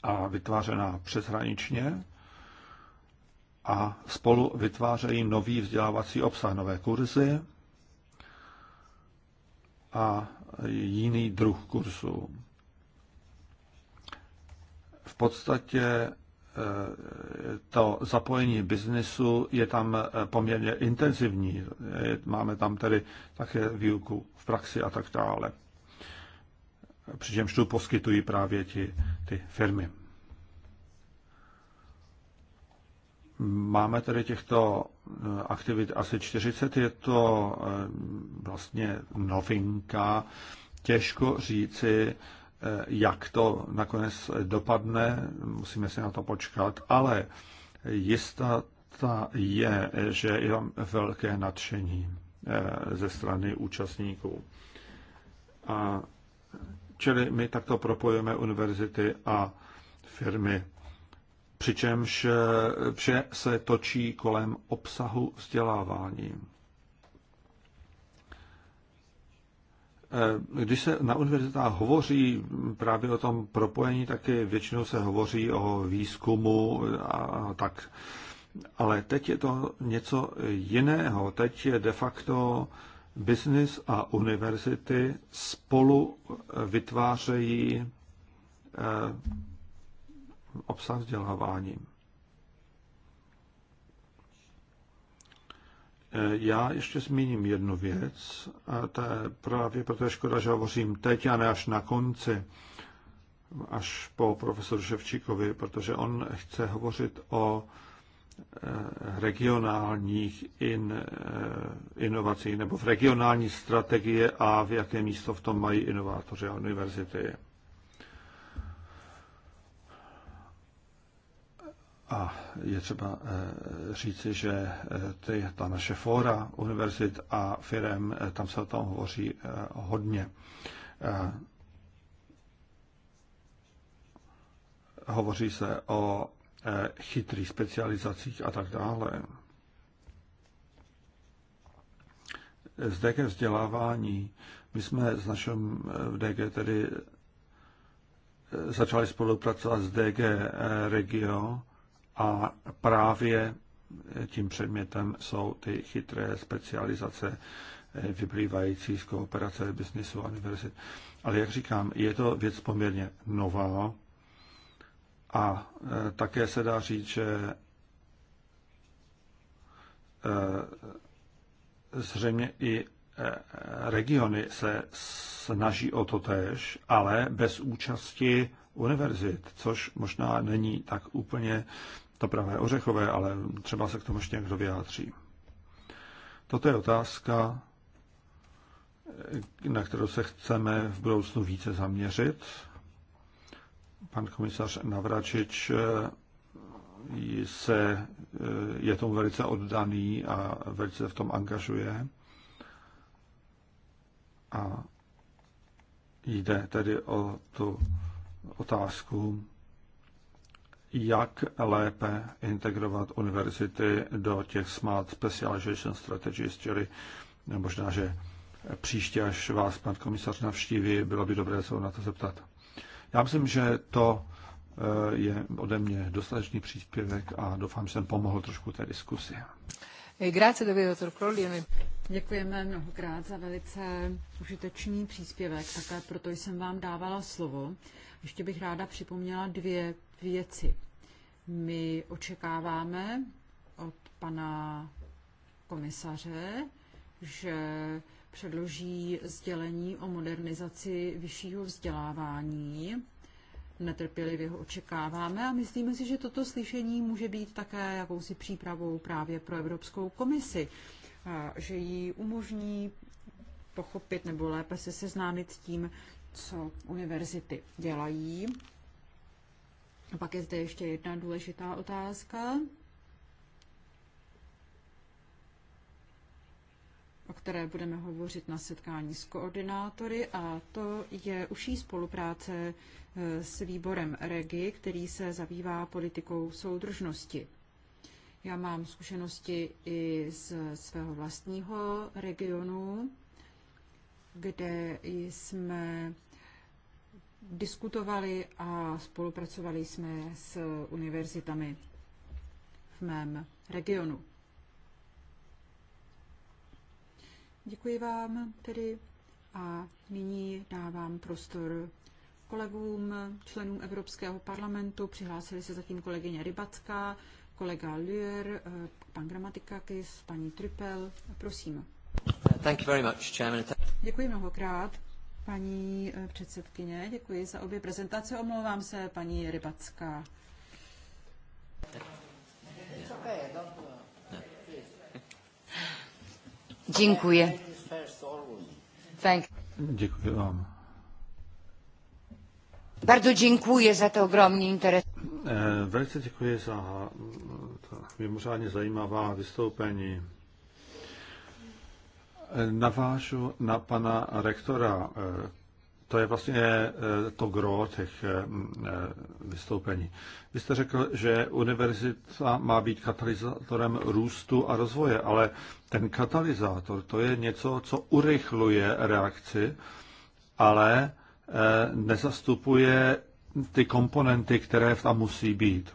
a vytvářená přeshraničně a spolu vytvářejí nový vzdělávací obsah, nové kurzy a jiný druh kursů podstatě e, to zapojení biznesu je tam e, poměrně intenzivní. Máme tam tedy také výuku v praxi a tak dále. Přičemž tu poskytují právě ti, ty firmy. Máme tedy těchto e, aktivit asi 40, je to vlastně novinka. Těžko říci, jak to nakonec dopadne, musíme si na to počkat, ale jistota je, že je tam velké nadšení eh, ze strany účastníků. A čili my takto propojujeme univerzity a firmy. Přičemž eh, vše se točí kolem obsahu vzdělávání. Eh, když se na univerzitách hovoří právě o tom propojení, tak většinou se hovoří o výzkumu a tak. Ale teď je to něco jiného. Teď je de facto business a univerzity spolu eh, vytvářejí eh, obsah vzdělávání. Eh, já ještě zmíním jednu věc, a to je právě proto je škoda, že hovořím teď a ne až na konci, až po profesoru Ševčíkovi, protože on chce hovořit o eh, regionálních in, eh, inovací nebo v regionální strategie a v jaké místo v tom mají inovátoři a univerzity. A je třeba eh, říci, že eh, ty, ta naše fóra univerzit a firem, eh, tam se o tom hovoří hodně. Hovoří se o chytrých specializacích a tak dále. Zde ke vzdělávání. My jsme s našem v DG tedy začali spolupracovat s DG Regio a právě tím předmětem jsou ty chytré specializace eh, vyplývající z kooperace biznisu a univerzit. Ale jak říkám, je to věc poměrně nová a eh, také se dá říct, že eh, zřejmě i regiony se snaží o to tež, ale bez účasti univerzit, což možná není tak úplně to pravé ořechové, ale třeba se k tomu ještě někdo vyjádří. Toto je otázka, na kterou se chceme v budoucnu více zaměřit. Pan komisař Navračič eh, se, eh, je tomu velice oddaný a velice v tom angažuje. A jde tedy o tu otázku, jak lépe integrovat univerzity do těch Smart Specialization Strategies, čili možná, že příště, až vás pan komisař navštíví, bylo by dobré se na to zeptat. Já myslím, že to eh, je ode mě dostatečný příspěvek a doufám, že jsem pomohl trošku té diskusi. Eh, grazie, doktor Děkujeme mnohokrát za velice užitečný příspěvek, také proto jsem vám dávala slovo. Ještě bych ráda připomněla dvě věci. My očekáváme od pana komisaře, že předloží sdělení o modernizaci vyššího vzdělávání. Netrpělivě ho očekáváme a myslíme si, že toto slyšení může být také jakousi přípravou právě pro Evropskou komisi a že jí umožní pochopit nebo lépe se seznámit s tím, co univerzity dělají. A pak je zde ještě jedna důležitá otázka, o které budeme hovořit na setkání s koordinátory, a to je užší spolupráce eh, s výborem REGI, který se zabývá politikou soudržnosti. Já mám zkušenosti i z svého vlastního regionu, kde jsme diskutovali a spolupracovali jsme s univerzitami v mém regionu. Děkuji vám tedy a nyní dávám prostor kolegům, členům Evropského parlamentu. Přihlásili se zatím kolegyně Rybacká, kolega Lier, eh, pan Gramatikakis, paní Trippel. Prosím. Thank you very much, Chairman. Děkuji mnohokrát, paní eh, předsedkyně. Děkuji za obě prezentace. Omlouvám se, paní Rybacká. Děkuji. Děkuji vám. Bardzo dziękuję za to ogromnie interes. Eh, velice děkuji za mm, to mimořádně zajímavá vystoupení. Eh, navážu na pana rektora. Eh, to je vlastně to gro těch mm, vystoupení. Vy jste řekl, že univerzita má být katalyzátorem růstu a rozvoje, ale ten katalyzátor to je něco, co urychluje reakci, ale nezastupuje ty komponenty, které tam musí být.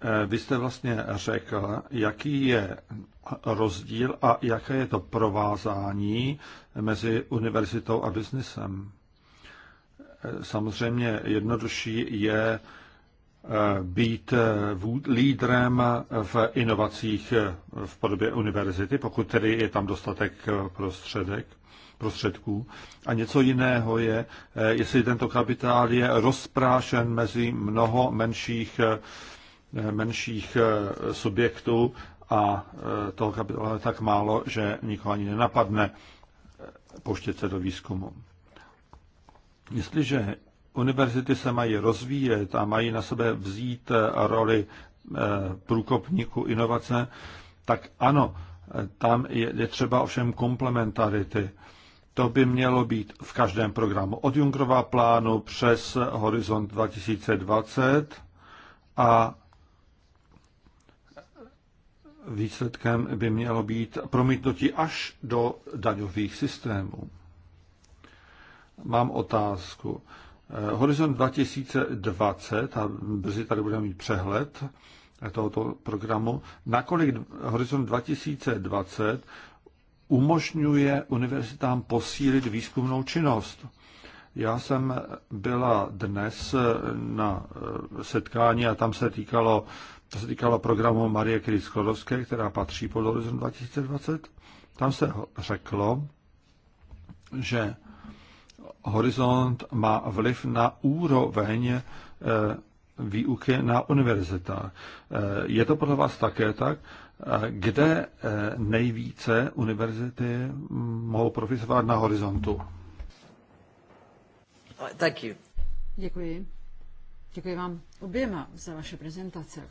Eh, vy jste vlastně řekl, jaký je rozdíl a jaké je to provázání mezi univerzitou a biznesem. Eh, samozřejmě jednodušší je eh, být lídrem v inovacích v podobě univerzity, pokud tedy je tam dostatek prostředek prostředků. A něco jiného je, eh, jestli tento kapitál je rozprášen mezi mnoho menších, eh, menších eh, subjektů a toho kapitálu je tak málo, že nikoho ani nenapadne poštět se do výzkumu. Jestliže univerzity se mají rozvíjet a mají na sebe vzít roli průkopníku inovace, tak ano, tam je, je třeba ovšem komplementarity. To by mělo být v každém programu od Junkrova plánu přes Horizont 2020 a výsledkem by mělo být promítnutí až do daňových systémů. Mám otázku. Horizont 2020, a brzy tady budeme mít přehled tohoto programu, nakolik Horizont 2020 umožňuje univerzitám posílit výzkumnou činnost. Já jsem byla dnes na eh, setkání a tam se týkalo, to se týkalo programu Marie Curie Sklodovské, která patří pod Horizon 2020. Tam se řeklo, že Horizont má vliv na úroveň eh, výuky na univerzitách. Eh, je to podle vás také tak? kde eh, nejvíce univerzity mohou profitovat na horizontu. Uh, thank you. Děkuji. Děkuji vám oběma za vaše prezentace.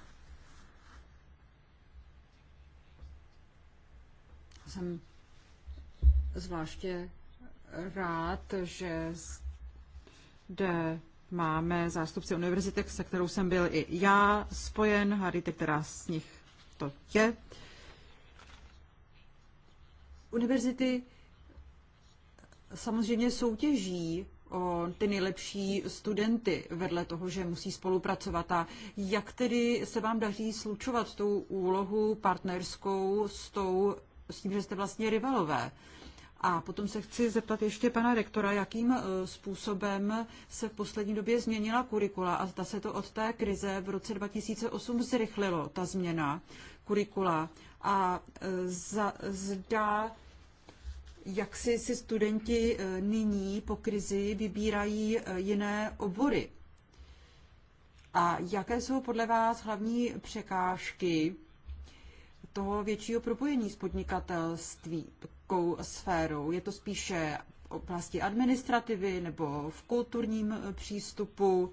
Jsem zvláště rád, že zde máme zástupce univerzity, se kterou jsem byl i já spojen, Harry, která z nich to je. Univerzity samozřejmě soutěží o ty nejlepší studenty vedle toho, že musí spolupracovat. A jak tedy se vám daří slučovat tou úlohu partnerskou s, tou, s tím, že jste vlastně rivalové? A potom se chci zeptat ještě pana rektora, jakým e, způsobem se v poslední době změnila kurikula a zda se to od té krize v roce 2008 zrychlilo, ta změna kurikula. A e, za, zda jak si, si studenti e, nyní po krizi vybírají jiné obory. A jaké jsou podle vás hlavní překážky toho většího propojení s podnikatelství, politickou sférou. Je to spíše v oblasti administrativy nebo v kulturním eh, přístupu.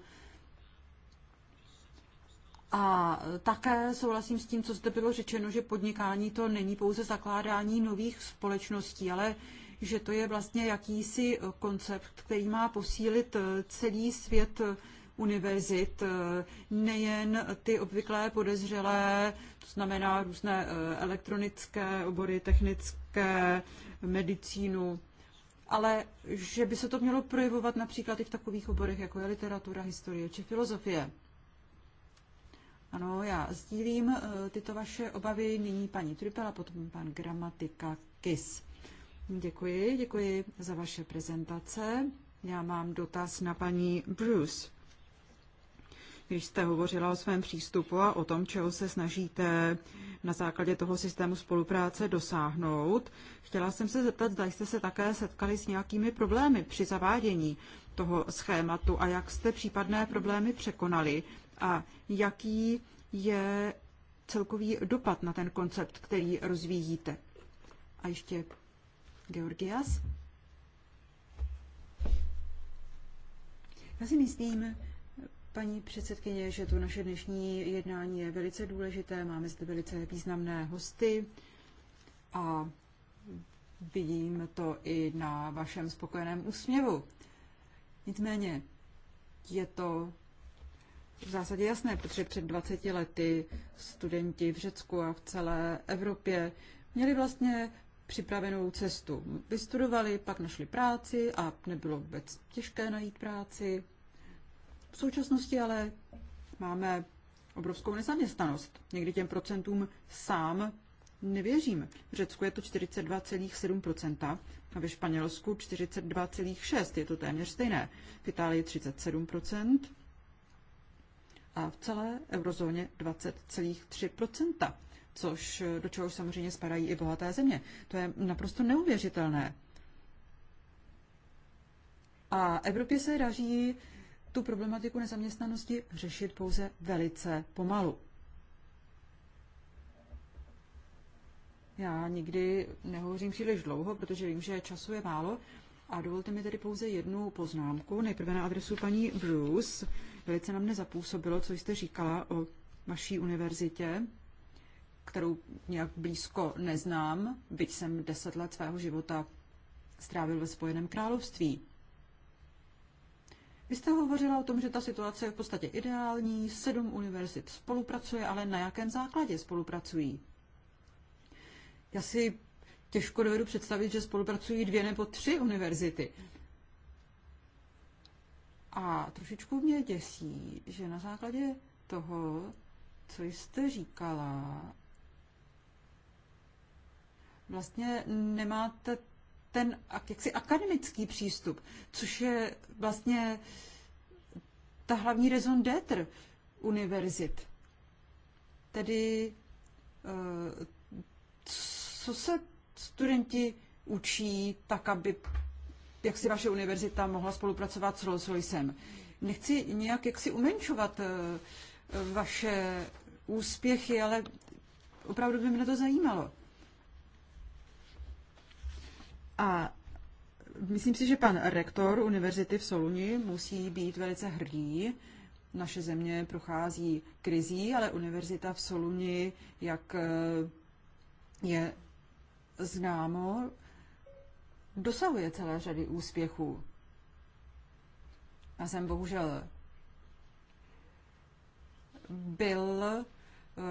A také souhlasím s tím, co zde bylo řečeno, že podnikání to není pouze zakládání nových společností, ale že to je vlastně jakýsi eh, koncept, který má posílit eh, celý svět univerzit, eh, nejen ty obvyklé podezřelé, to znamená různé eh, elektronické obory, technické, medicínu, ale že by se to mělo projevovat například i v takových oborech, jako je literatura, historie či filozofie. Ano, já sdílím eh, tyto vaše obavy. Nyní paní Trypela, potom pan Gramatika Kis. Děkuji, děkuji za vaše prezentace. Já mám dotaz na paní Bruce když jste hovořila o svém přístupu a o tom, čeho se snažíte na základě toho systému spolupráce dosáhnout. Chtěla jsem se zeptat, zda jste se také setkali s nějakými problémy při zavádění toho schématu a jak jste případné problémy překonali a jaký je celkový dopad na ten koncept, který rozvíjíte. A ještě Georgias. Já si myslím, paní předsedkyně, že to naše dnešní jednání je velice důležité. Máme zde velice významné hosty a vidím to i na vašem spokojeném úsměvu. Nicméně je to v zásadě jasné, protože před 20 lety studenti v Řecku a v celé Evropě měli vlastně připravenou cestu. Vystudovali, pak našli práci a nebylo vůbec těžké najít práci. V současnosti ale máme obrovskou nezaměstnanost. Někdy těm procentům sám nevěřím. V Řecku je to 42,7% a ve Španělsku 42,6%. Je to téměř stejné. V Itálii 37% a v celé eurozóně 20,3%, což do čeho samozřejmě spadají i bohaté země. To je naprosto neuvěřitelné. A Evropě se daří tu problematiku nezaměstnanosti řešit pouze velice pomalu. Já nikdy nehovořím příliš dlouho, protože vím, že času je málo. A dovolte mi tedy pouze jednu poznámku. Nejprve na adresu paní Bruce. Velice na mne zapůsobilo, co jste říkala o vaší univerzitě, kterou nějak blízko neznám, byť jsem deset let svého života strávil ve Spojeném království. Vy jste hovořila o tom, že ta situace je v podstatě ideální, sedm univerzit spolupracuje, ale na jakém základě spolupracují? Já si těžko dovedu představit, že spolupracují dvě nebo tři univerzity. A trošičku mě děsí, že na základě toho, co jste říkala, vlastně nemáte ten jaksi akademický přístup, což je vlastně ta hlavní raison d'être univerzit. Tedy eh, co se studenti učí tak, aby jak si vaše univerzita mohla spolupracovat s Rolls-Roycem. Nechci nějak jaksi umenšovat eh, vaše úspěchy, ale opravdu by mě to zajímalo. A myslím si, že pan rektor univerzity v Soluni musí být velice hrdý. Naše země prochází krizí, ale univerzita v Soluni, jak eh, je známo, dosahuje celé řady úspěchů. Já jsem bohužel byl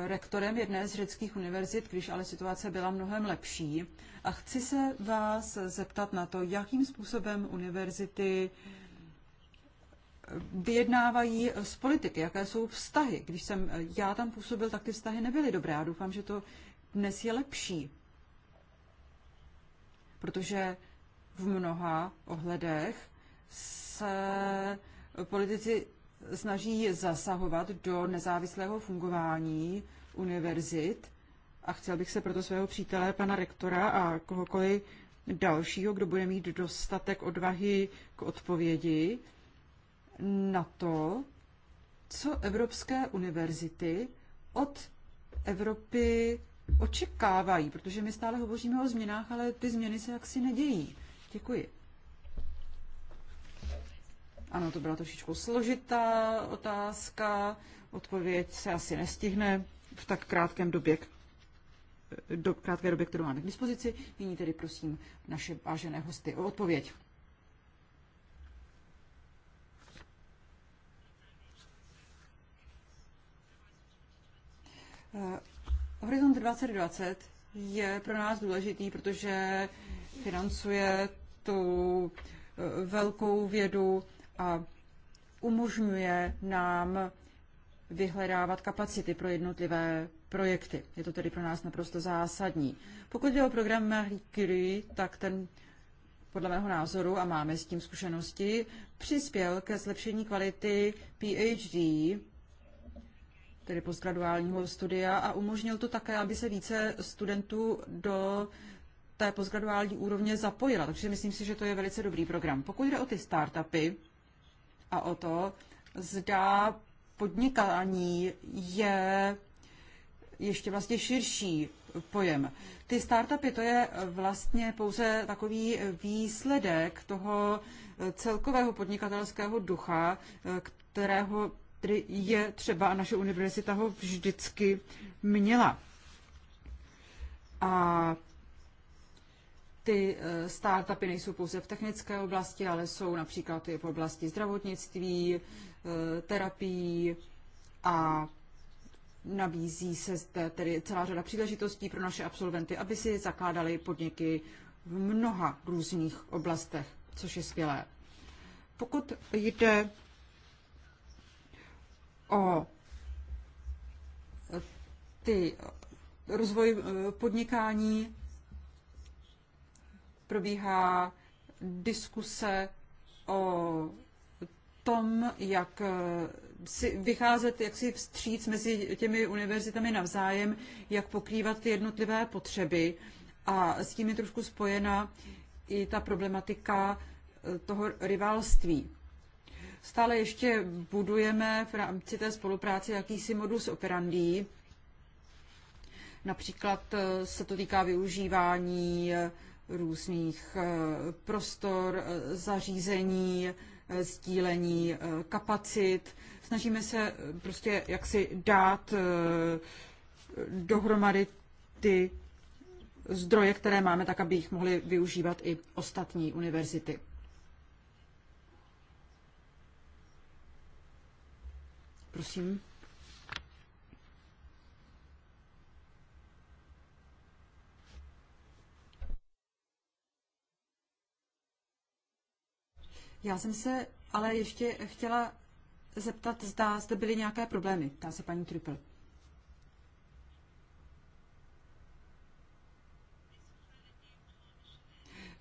rektorem jedné z řeckých univerzit, když ale situace byla mnohem lepší. A chci se vás zeptat na to, jakým způsobem univerzity eh, vyjednávají s politiky, jaké jsou vztahy. Když jsem eh, já tam působil, tak ty vztahy nebyly dobré. Já doufám, že to dnes je lepší. Protože v mnoha ohledech se politici snaží zasahovat do nezávislého fungování univerzit a chtěl bych se proto svého přítele, pana rektora a kohokoliv dalšího, kdo bude mít dostatek odvahy k odpovědi na to, co evropské univerzity od Evropy očekávají, protože my stále hovoříme o změnách, ale ty změny se jaksi nedějí. Děkuji. Ano, to byla trošičku složitá otázka. Odpověď se asi nestihne v tak krátkém době, do krátké době, kterou máme k dispozici. Nyní tedy prosím naše vážené hosty o odpověď. Eh, Horizont 2020 je pro nás důležitý, protože financuje tu eh, velkou vědu a umožňuje nám vyhledávat kapacity pro jednotlivé projekty. Je to tedy pro nás naprosto zásadní. Pokud jde o program Marie Curie, tak ten podle mého názoru, a máme s tím zkušenosti, přispěl ke zlepšení kvality PhD, tedy postgraduálního studia, a umožnil to také, aby se více studentů do té postgraduální úrovně zapojila. Takže myslím si, že to je velice dobrý program. Pokud jde o ty startupy, a o to, zda podnikání je ještě vlastně širší pojem. Ty startupy, to je vlastně pouze takový výsledek toho celkového podnikatelského ducha, kterého je třeba a naše univerzita ho vždycky měla. A ty eh, startupy nejsou pouze v technické oblasti, ale jsou například i v oblasti zdravotnictví, eh, terapií a nabízí se zde tedy celá řada příležitostí pro naše absolventy, aby si zakládali podniky v mnoha různých oblastech, což je skvělé. Pokud jde o eh, ty rozvoj podnikání, probíhá diskuse o tom, jak eh, si vycházet jak si vstříc mezi těmi univerzitami navzájem, jak pokrývat ty jednotlivé potřeby. A s tím je trošku spojena i ta problematika eh, toho rivalství. Stále ještě budujeme v rámci té spolupráce jakýsi modus operandi. Například eh, se to týká využívání různých eh, prostor, eh, zařízení, eh, sdílení kapacit. Snažíme se prostě jaksi dát dohromady ty zdroje, které máme, tak aby jich mohly využívat i ostatní univerzity. Prosím. Já jsem se ale ještě chtěla zeptat, zda zde byly nějaké problémy, ptá se paní Triple.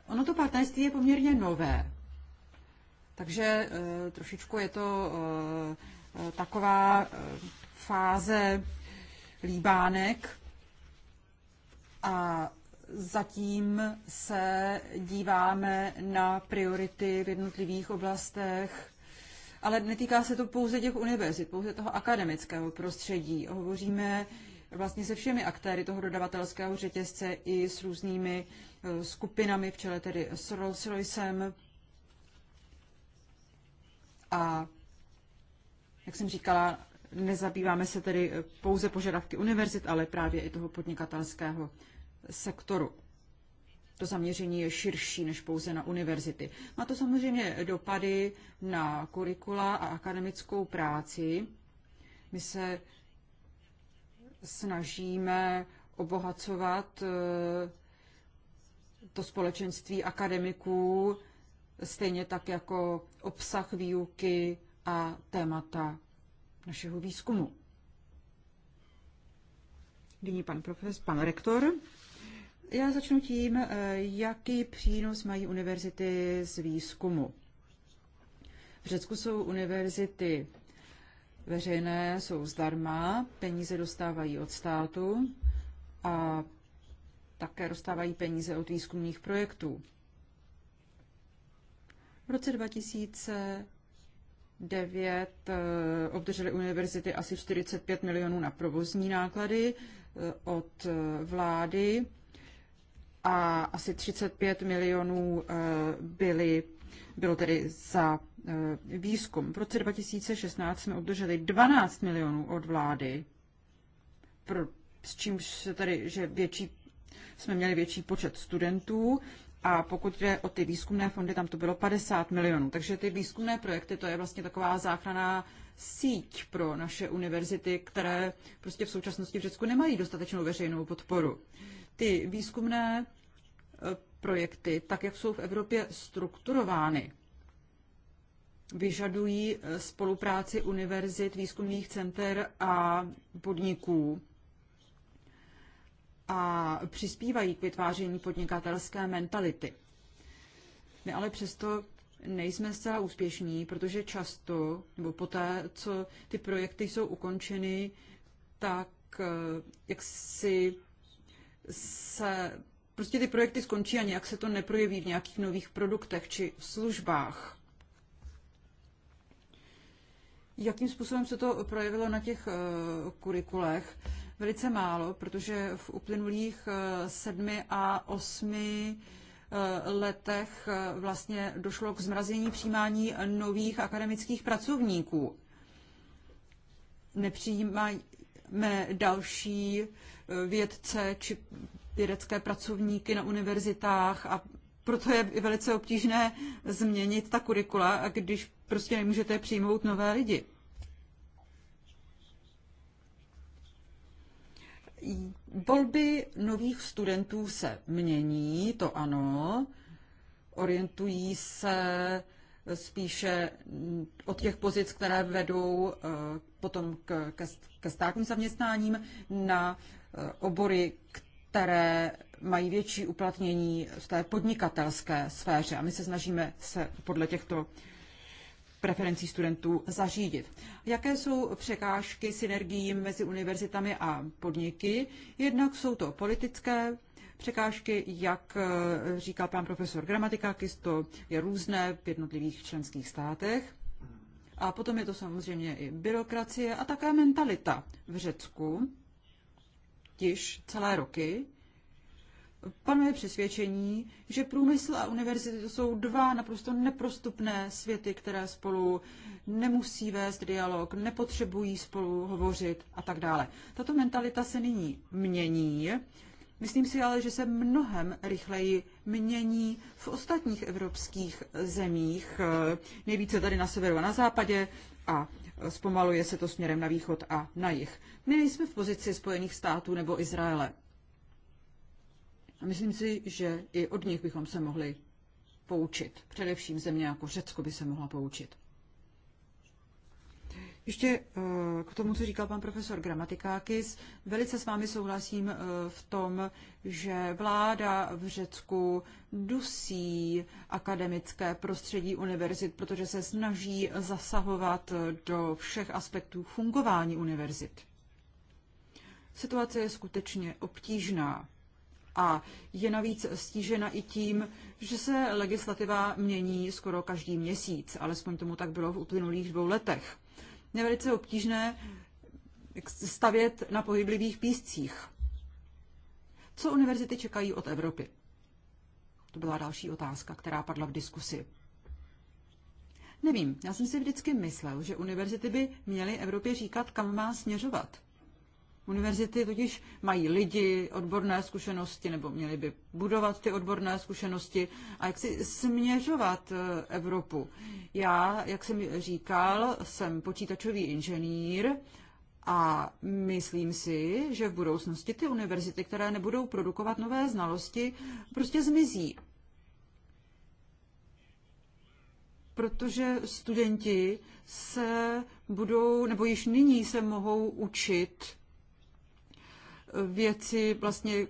Ono to partnerství je poměrně nové, takže e, trošičku je to e, taková e, fáze líbánek a zatím se díváme na priority v jednotlivých oblastech, ale netýká se to pouze těch univerzit, pouze toho akademického prostředí. Hovoříme vlastně se všemi aktéry toho dodavatelského řetězce i s různými eh, skupinami, v čele tedy s Rolls Roycem. A jak jsem říkala, nezabýváme se tedy eh, pouze požadavky univerzit, ale právě i toho podnikatelského sektoru. To zaměření je širší než pouze na univerzity. Má to samozřejmě dopady na kurikula a akademickou práci. My se snažíme obohacovat eh, to společenství akademiků, stejně tak jako obsah výuky a témata našeho výzkumu. Nyní pan profesor, pan rektor. Já začnu tím, eh, jaký přínos mají univerzity z výzkumu. V Řecku jsou univerzity veřejné, jsou zdarma, peníze dostávají od státu a také dostávají peníze od výzkumných projektů. V roce 2009 eh, obdržely univerzity asi 45 milionů na provozní náklady eh, od vlády a asi 35 milionů eh, byly, bylo tedy za eh, výzkum. V roce 2016 jsme obdrželi 12 milionů od vlády, pro, s čímž se tady, že větší, jsme měli větší počet studentů a pokud jde o ty výzkumné fondy, tam to bylo 50 milionů. Takže ty výzkumné projekty, to je vlastně taková záchranná síť pro naše univerzity, které prostě v současnosti v Řecku nemají dostatečnou veřejnou podporu ty výzkumné e, projekty, tak jak jsou v Evropě strukturovány, vyžadují e, spolupráci univerzit, výzkumných center a podniků a přispívají k vytváření podnikatelské mentality. My ale přesto nejsme zcela úspěšní, protože často, nebo poté, co ty projekty jsou ukončeny, tak e, jak si se prostě ty projekty skončí a nějak se to neprojeví v nějakých nových produktech či službách. Jakým způsobem se to projevilo na těch eh, kurikulech? Velice málo, protože v uplynulých eh, sedmi a osmi eh, letech vlastně došlo k zmrazení přijímání nových akademických pracovníků. Nepřijímáme jsme další vědce či vědecké pracovníky na univerzitách a proto je velice obtížné změnit ta kurikula, když prostě nemůžete přijmout nové lidi. Volby nových studentů se mění, to ano. Orientují se spíše od těch pozic, které vedou eh, potom ke, ke, státním zaměstnáním na Eh, obory, které mají větší uplatnění v té podnikatelské sféře a my se snažíme se podle těchto preferencí studentů zařídit. Jaké jsou překážky synergií mezi univerzitami a podniky? Jednak jsou to politické překážky, jak eh, říkal pan profesor Gramatika, to je různé v jednotlivých členských státech. A potom je to samozřejmě i byrokracie a také mentalita v Řecku již celé roky, panuje přesvědčení, že průmysl a univerzity to jsou dva naprosto neprostupné světy, které spolu nemusí vést dialog, nepotřebují spolu hovořit a tak dále. Tato mentalita se nyní mění. Myslím si ale, že se mnohem rychleji mění v ostatních evropských zemích, nejvíce tady na severu a na západě a zpomaluje se to směrem na východ a na jih. My nejsme v pozici Spojených států nebo Izraele. A myslím si, že i od nich bychom se mohli poučit. Především země jako Řecko by se mohla poučit. Ještě eh, k tomu, co říkal pan profesor Gramatikákis, velice s vámi souhlasím eh, v tom, že vláda v Řecku dusí akademické prostředí univerzit, protože se snaží zasahovat do všech aspektů fungování univerzit. Situace je skutečně obtížná a je navíc stížena i tím, že se legislativa mění skoro každý měsíc, alespoň tomu tak bylo v uplynulých dvou letech je velice obtížné stavět na pohyblivých píscích. Co univerzity čekají od Evropy? To byla další otázka, která padla v diskusi. Nevím, já jsem si vždycky myslel, že univerzity by měly Evropě říkat, kam má směřovat. Univerzity totiž mají lidi, odborné zkušenosti, nebo měly by budovat ty odborné zkušenosti a jak si směřovat eh, Evropu. Já, jak jsem říkal, jsem počítačový inženýr a myslím si, že v budoucnosti ty univerzity, které nebudou produkovat nové znalosti, prostě zmizí. protože studenti se budou, nebo již nyní se mohou učit věci vlastně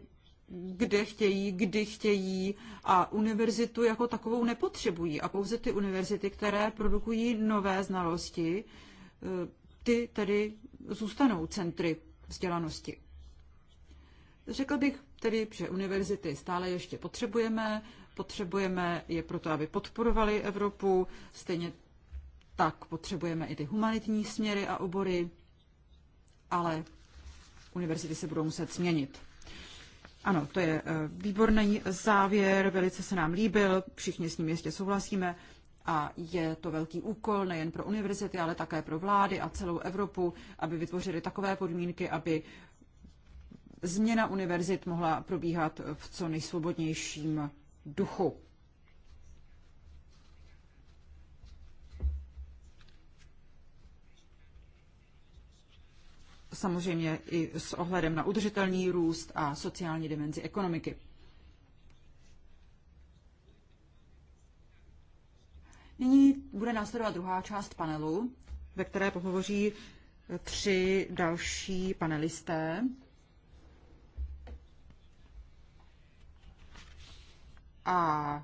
kde chtějí, kdy chtějí a univerzitu jako takovou nepotřebují. A pouze ty univerzity, které produkují nové znalosti, eh, ty tedy zůstanou centry vzdělanosti. Řekl bych tedy, že univerzity stále ještě potřebujeme, potřebujeme je proto, aby podporovali Evropu, stejně tak potřebujeme i ty humanitní směry a obory, ale univerzity se budou muset změnit. Ano, to je eh, výborný závěr, velice se nám líbil, všichni s ním jistě souhlasíme a je to velký úkol nejen pro univerzity, ale také pro vlády a celou Evropu, aby vytvořili takové podmínky, aby změna univerzit mohla probíhat v co nejsvobodnějším duchu. samozřejmě i s ohledem na udržitelný růst a sociální dimenzi ekonomiky. Nyní bude následovat druhá část panelu, ve které pohovoří eh, tři další panelisté. A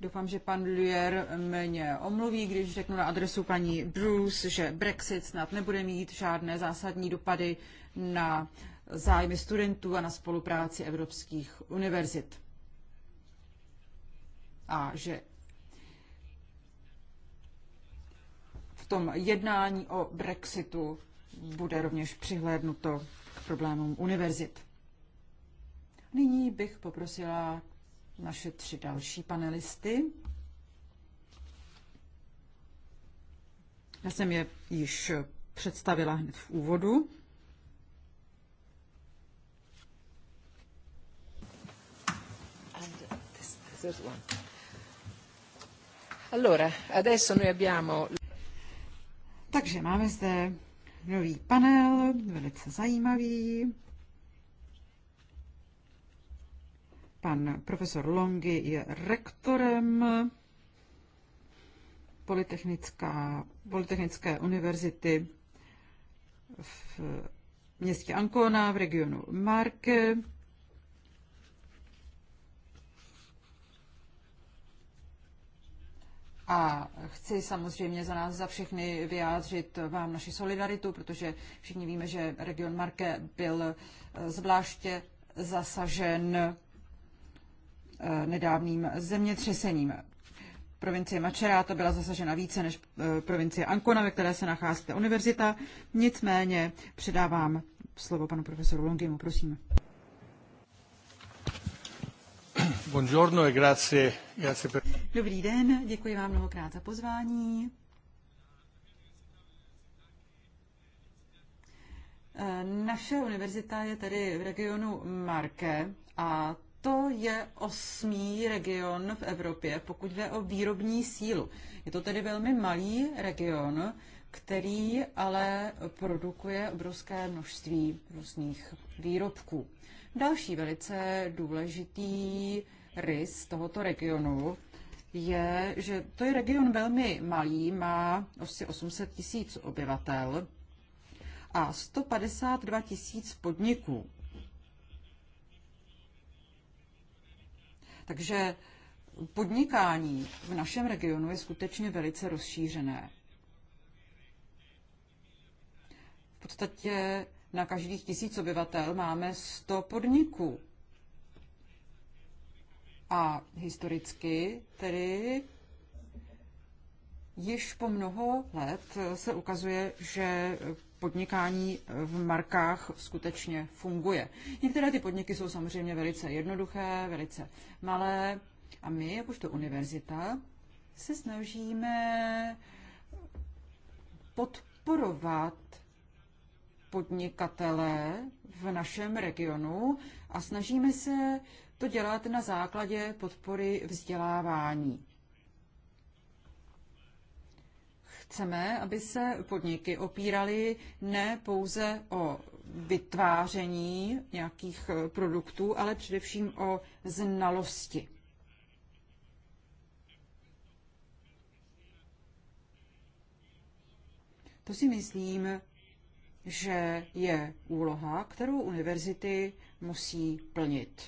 Doufám, že pan Luer mě omluví, když řeknu na adresu paní Bruce, že Brexit snad nebude mít žádné zásadní dopady na zájmy studentů a na spolupráci evropských univerzit. A že v tom jednání o Brexitu bude rovněž přihlédnuto k problémům univerzit. Nyní bych poprosila naše tři další panelisty. Já jsem je již představila hned v úvodu. Allora, adesso noi abbiamo... Takže máme zde nový panel, velice zajímavý. Pan profesor Longy je rektorem Politechnická, Politechnické univerzity v městě Ancona v regionu Marke. A chci samozřejmě za nás, za všechny vyjádřit vám naši solidaritu, protože všichni víme, že region Marke byl zvláště zasažen Eh, nedávným zemětřesením. Provincie to byla zasažena více než eh, provincie Ancona, ve které se nachází ta univerzita. Nicméně předávám slovo panu profesoru Longimu, prosím. Buongiorno e grazie, grazie per... Dobrý den, děkuji vám mnohokrát za pozvání. Eh, naše univerzita je tady v regionu Marke a to je osmý region v Evropě, pokud jde o výrobní sílu. Je to tedy velmi malý region, který ale produkuje obrovské množství různých výrobků. Další velice důležitý rys tohoto regionu je, že to je region velmi malý, má asi 800 tisíc obyvatel a 152 tisíc podniků. Takže podnikání v našem regionu je skutečně velice rozšířené. V podstatě na každých tisíc obyvatel máme 100 podniků. A historicky tedy již po mnoho let se ukazuje, že podnikání v markách skutečně funguje. Některé ty podniky jsou samozřejmě velice jednoduché, velice malé a my, jakožto univerzita, se snažíme podporovat podnikatele v našem regionu a snažíme se to dělat na základě podpory vzdělávání. Chceme, aby se podniky opíraly ne pouze o vytváření nějakých eh, produktů, ale především o znalosti. To si myslím, že je úloha, kterou univerzity musí plnit.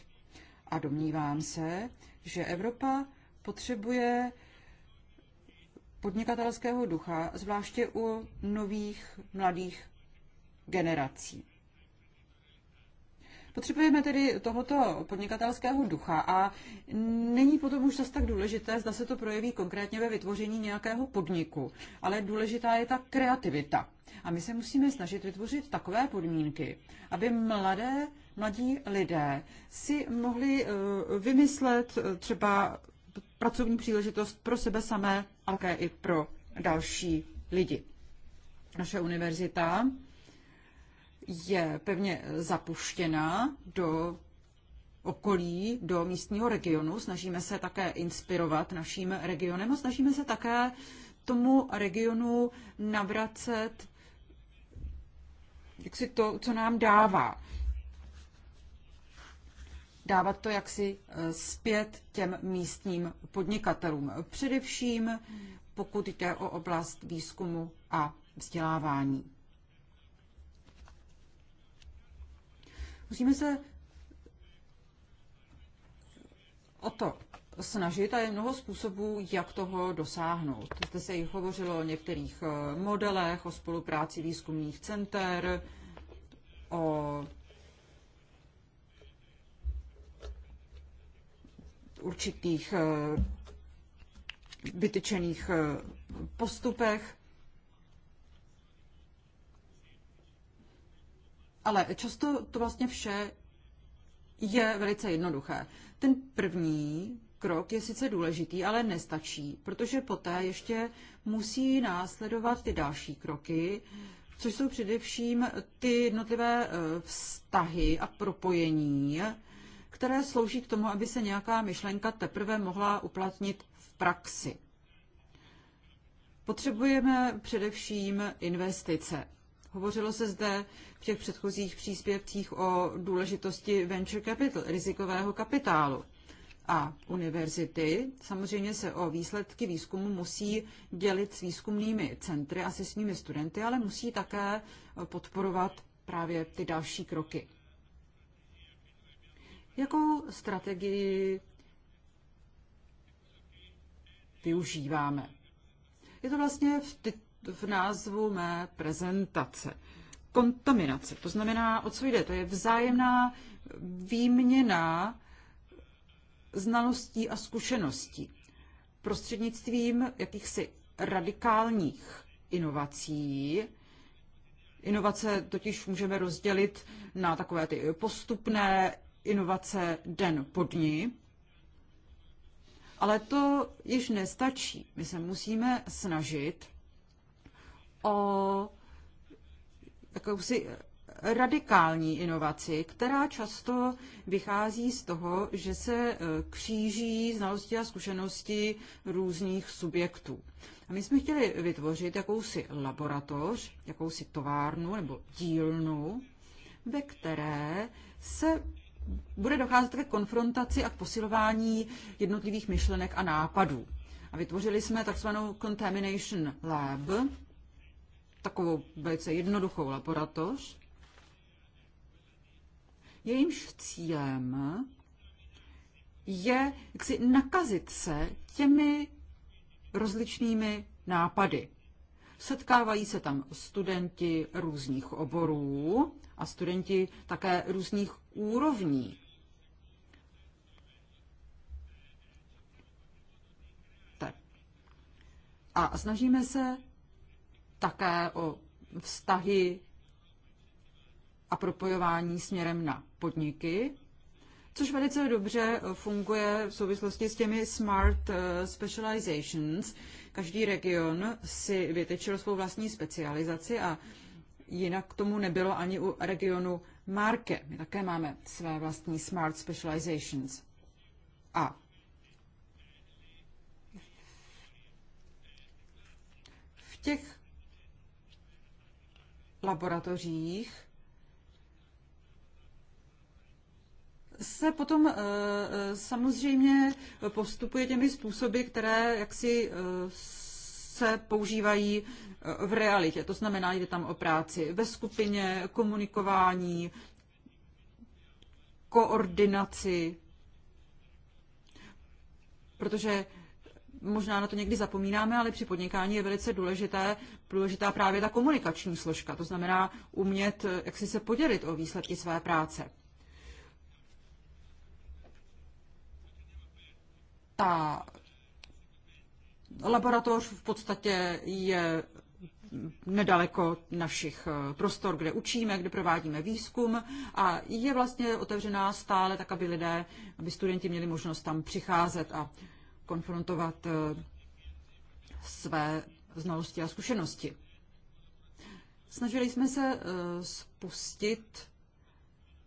A domnívám se, že Evropa potřebuje podnikatelského ducha, zvláště u nových mladých generací. Potřebujeme tedy tohoto podnikatelského ducha a není potom už zase tak důležité, zda se to projeví konkrétně ve vytvoření nějakého podniku, ale důležitá je ta kreativita. A my se musíme snažit vytvořit takové podmínky, aby mladé, mladí lidé si mohli eh, vymyslet eh, třeba pracovní příležitost pro sebe samé také i pro další lidi. Naše univerzita je pevně zapuštěna do okolí, do místního regionu. Snažíme se také inspirovat naším regionem a snažíme se také tomu regionu navracet jak si to, co nám dává dávat to jaksi eh, zpět těm místním podnikatelům. Především pokud jde o oblast výzkumu a vzdělávání. Musíme se o to snažit a je mnoho způsobů, jak toho dosáhnout. Zde se jich hovořilo o některých eh, modelech, o spolupráci výzkumných center, o určitých eh, vytyčených eh, postupech. Ale často to vlastně vše je velice jednoduché. Ten první krok je sice důležitý, ale nestačí, protože poté ještě musí následovat ty další kroky, což jsou především ty jednotlivé eh, vztahy a propojení které slouží k tomu, aby se nějaká myšlenka teprve mohla uplatnit v praxi. Potřebujeme především investice. Hovořilo se zde v těch předchozích příspěvcích o důležitosti venture capital, rizikového kapitálu. A univerzity samozřejmě se o výsledky výzkumu musí dělit s výzkumnými centry a se svými studenty, ale musí také podporovat právě ty další kroky. Jakou strategii využíváme? Je to vlastně v, ty, v názvu mé prezentace. Kontaminace, to znamená, o co jde? To je vzájemná výměna znalostí a zkušeností prostřednictvím jakýchsi radikálních inovací. Inovace totiž můžeme rozdělit na takové ty postupné inovace den po dní. ale to již nestačí. My se musíme snažit o jakousi radikální inovaci, která často vychází z toho, že se e, kříží znalosti a zkušenosti různých subjektů. A my jsme chtěli vytvořit jakousi laboratoř, jakousi továrnu nebo dílnu, ve které se bude docházet ke konfrontaci a k posilování jednotlivých myšlenek a nápadů. A vytvořili jsme takzvanou Contamination Lab, takovou velice jednoduchou laboratoř. Jejímž cílem je jaksi nakazit se těmi rozličnými nápady. Setkávají se tam studenti různých oborů a studenti také různých úrovní. Tak. A snažíme se také o vztahy a propojování směrem na podniky, což velice dobře funguje v souvislosti s těmi smart eh, specializations. Každý region si vytečil svou vlastní specializaci a Jinak tomu nebylo ani u regionu Marke. My také máme své vlastní smart specializations. A v těch laboratořích se potom eh, eh, samozřejmě postupuje těmi způsoby, které jaksi eh, se používají eh, v realitě. To znamená, jde tam o práci ve skupině, komunikování, koordinaci, protože možná na to někdy zapomínáme, ale při podnikání je velice důležité, důležitá právě ta komunikační složka, to znamená umět, eh, jak si se podělit o výsledky své práce. Ta laboratoř v podstatě je nedaleko našich eh, prostor, kde učíme, kde provádíme výzkum a je vlastně otevřená stále tak, aby lidé, aby studenti měli možnost tam přicházet a konfrontovat eh, své znalosti a zkušenosti. Snažili jsme se eh, spustit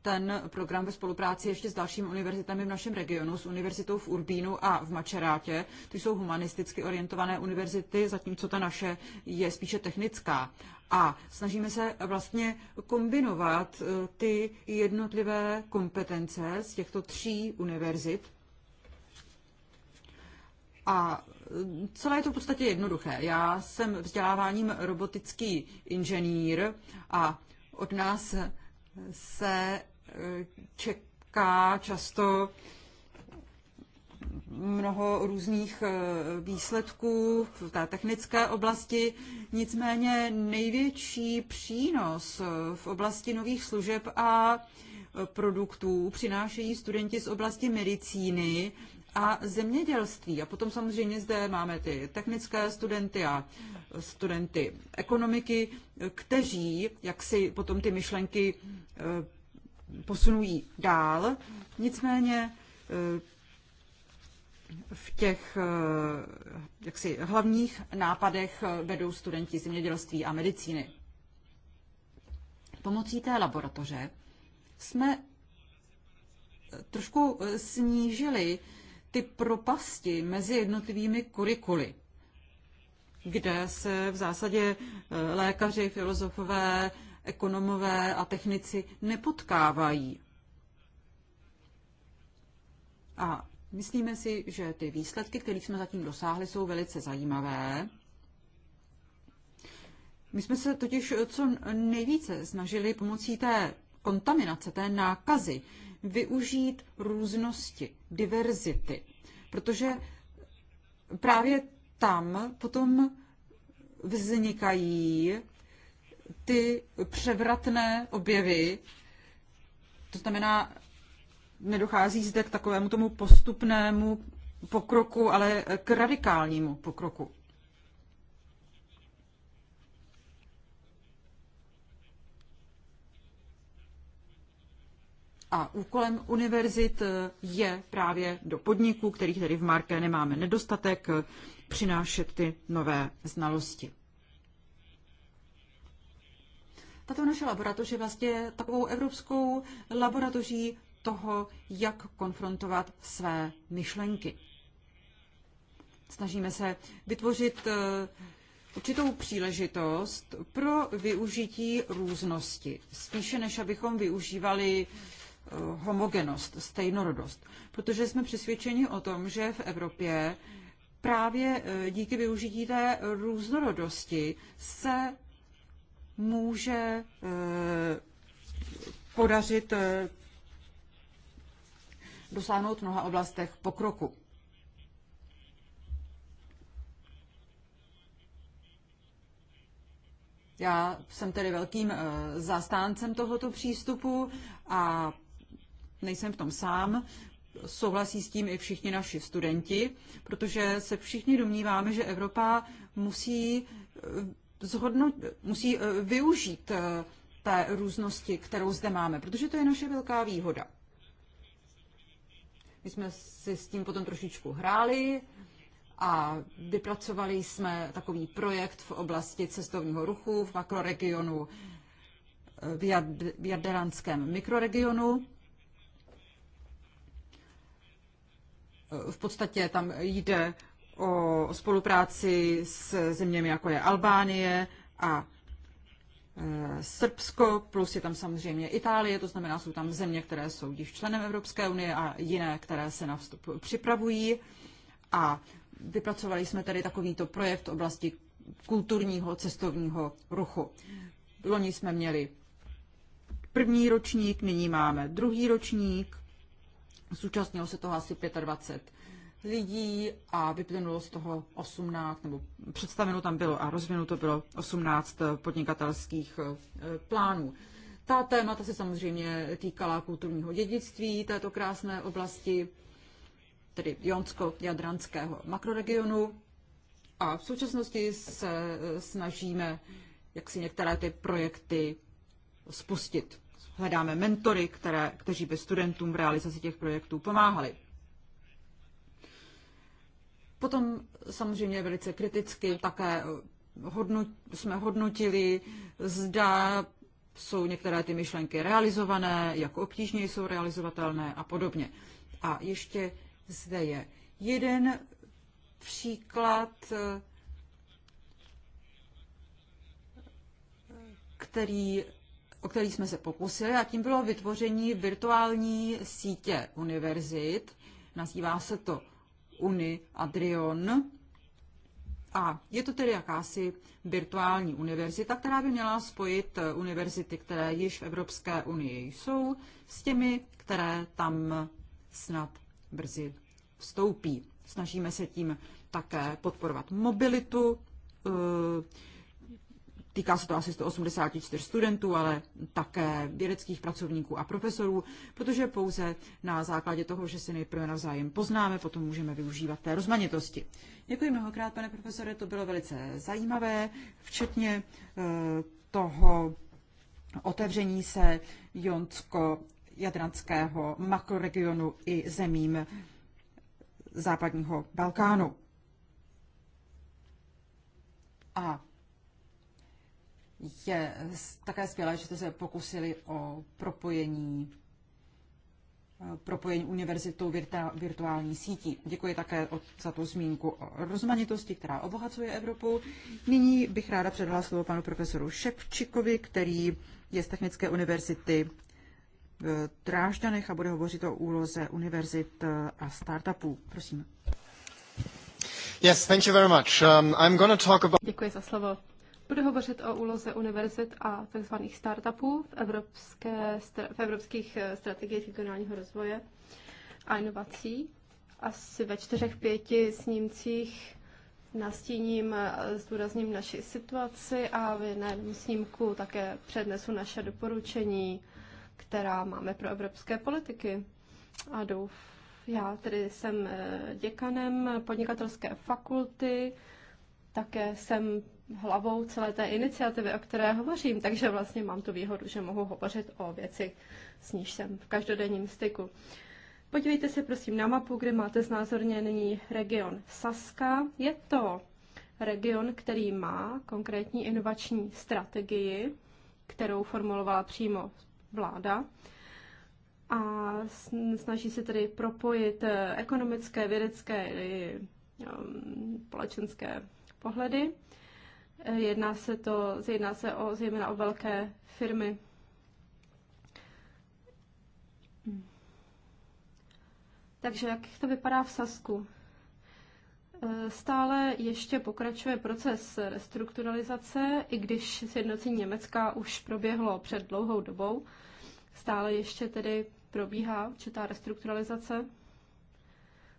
ten program ve spolupráci ještě s dalšími univerzitami v našem regionu, s univerzitou v Urbínu a v Mačerátě. To jsou humanisticky orientované univerzity, zatímco ta naše je spíše technická. A snažíme se vlastně kombinovat eh, ty jednotlivé kompetence z těchto tří univerzit. A eh, celé je to v podstatě jednoduché. Já jsem vzděláváním robotický inženýr a od nás se čeká často mnoho různých eh, výsledků v té technické oblasti. Nicméně největší přínos eh, v oblasti nových služeb a eh, produktů přinášejí studenti z oblasti medicíny a zemědělství. A potom samozřejmě zde máme ty technické studenty a studenty ekonomiky, kteří jak si potom ty myšlenky posunují dál. Nicméně eh, v těch eh, jaksi, hlavních nápadech eh, vedou studenti zemědělství a medicíny. Pomocí té laboratoře jsme trošku snížili ty propasti mezi jednotlivými kurikuly, kde se v zásadě lékaři, filozofové, ekonomové a technici nepotkávají. A myslíme si, že ty výsledky, které jsme zatím dosáhli, jsou velice zajímavé. My jsme se totiž co nejvíce snažili pomocí té kontaminace, té nákazy, využít různosti, diverzity, protože právě tam potom vznikají ty převratné objevy, to znamená, nedochází zde k takovému tomu postupnému pokroku, ale k radikálnímu pokroku. A úkolem univerzit je právě do podniků, kterých tedy v Marké nemáme nedostatek, přinášet ty nové znalosti. tato naše laboratoř je vlastně takovou evropskou laboratoří toho, jak konfrontovat své myšlenky. Snažíme se vytvořit eh, určitou příležitost pro využití různosti, spíše než abychom využívali eh, homogenost, stejnorodost, protože jsme přesvědčeni o tom, že v Evropě právě eh, díky využití té různorodosti se může eh, podařit eh, dosáhnout v mnoha oblastech pokroku. Já jsem tedy velkým eh, zastáncem tohoto přístupu a nejsem v tom sám. Souhlasí s tím i všichni naši studenti, protože se všichni domníváme, že Evropa musí zhodnot, musí eh, využít eh, té různosti, kterou zde máme, protože to je naše velká výhoda. My jsme si s tím potom trošičku hráli a vypracovali jsme takový projekt v oblasti cestovního ruchu v makroregionu eh, v, v jaderanském mikroregionu. V podstatě tam jde o spolupráci s zeměmi, jako je Albánie a e, Srbsko, plus je tam samozřejmě Itálie, to znamená, jsou tam země, které jsou již členem Evropské unie a jiné, které se na vstup připravují. A vypracovali jsme tady takovýto projekt v oblasti kulturního cestovního ruchu. Loni jsme měli první ročník, nyní máme druhý ročník. Zúčastnilo se toho asi 25 lidí a vyplynulo z toho 18, nebo představeno tam bylo a rozvinuto bylo 18 eh, podnikatelských eh, plánů. Ta témata se samozřejmě týkala kulturního dědictví této krásné oblasti, tedy Jonsko-Jadranského makroregionu. A v současnosti se eh, snažíme jak si některé ty projekty spustit. Hledáme mentory, které, kteří by studentům v realizaci těch projektů pomáhali. Potom samozřejmě velice kriticky také eh, hodnot, jsme hodnotili, zda jsou některé ty myšlenky realizované, jak obtížně jsou realizovatelné a podobně. A ještě zde je jeden příklad, eh, který, o který jsme se pokusili, a tím bylo vytvoření virtuální sítě univerzit. Nazývá se to Uni Adrion. A je to tedy jakási virtuální univerzita, která by měla spojit univerzity, které již v Evropské unii jsou, s těmi, které tam snad brzy vstoupí. Snažíme se tím také podporovat mobilitu eh, Týká se to asi 184 studentů, ale také vědeckých pracovníků a profesorů, protože pouze na základě toho, že si nejprve navzájem poznáme, potom můžeme využívat té rozmanitosti. Děkuji mnohokrát, pane profesore, to bylo velice zajímavé, včetně e, toho otevření se Jonsko jadranského makroregionu i zemím západního Balkánu. A je také skvělé, že jste se pokusili o propojení eh, propojení univerzitou virtuální sítí. Děkuji také za tu zmínku o rozmanitosti, která obohacuje Evropu. Nyní bych ráda předala slovo panu profesoru Ševčikovi, který je z Technické univerzity v Drážďanech a bude hovořit o úloze univerzit eh, a startupů. Prosím. Yes, thank you very much. Um, I'm talk about... Děkuji za slovo. Budu hovořit o úloze univerzit a tzv. startupů v, evropské, v evropských eh, strategiích regionálního rozvoje a inovací. Asi ve čtyřech pěti snímcích nastíním, eh, zdůrazním naši situaci a v jednom snímku také přednesu naše doporučení, která máme pro evropské politiky. A douf. Já tedy jsem eh, děkanem podnikatelské fakulty, také jsem hlavou celé té iniciativy, o které hovořím, takže vlastně mám tu výhodu, že mohu hovořit o věci, s níž jsem v každodenním styku. Podívejte se prosím na mapu, kde máte znázorně nyní region Saska. Je to region, který má konkrétní inovační strategii, kterou formulovala přímo vláda a snaží se tedy propojit eh, ekonomické, vědecké i ehm, společenské pohledy. Eh, jedná se, to, jedná se o, zejména o velké firmy. Takže jak to vypadá v Sasku? Eh, stále ještě pokračuje proces restrukturalizace, i když sjednocení Německa už proběhlo před dlouhou dobou. Stále ještě tedy probíhá určitá restrukturalizace.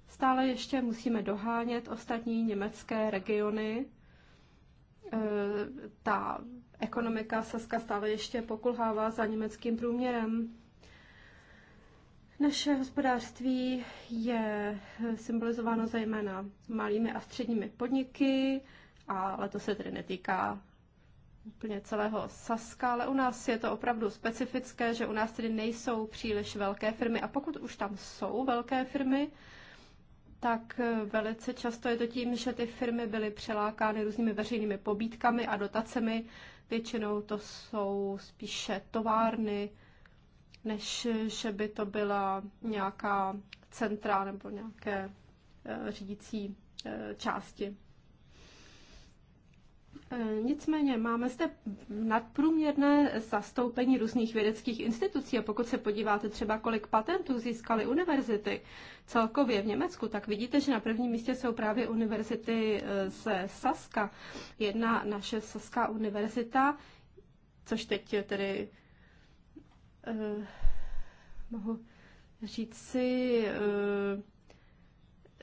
Stále ještě musíme dohánět ostatní německé regiony, Eh, ta ekonomika Saska stále ještě pokulhává za německým průměrem. Naše hospodářství je eh, symbolizováno zejména malými a středními podniky, ale to se tedy netýká úplně celého Saska, ale u nás je to opravdu specifické, že u nás tedy nejsou příliš velké firmy a pokud už tam jsou velké firmy, tak eh, velice často je to tím, že ty firmy byly přelákány různými veřejnými pobídkami a dotacemi. Většinou to jsou spíše továrny, než že by to byla nějaká centra nebo nějaké eh, řídící eh, části. E, nicméně máme zde nadprůměrné zastoupení různých vědeckých institucí a pokud se podíváte třeba, kolik patentů získaly univerzity celkově v Německu, tak vidíte, že na prvním místě jsou právě univerzity e, ze Saska. Jedna naše Saská univerzita, což teď tedy eh, mohu říct si, eh,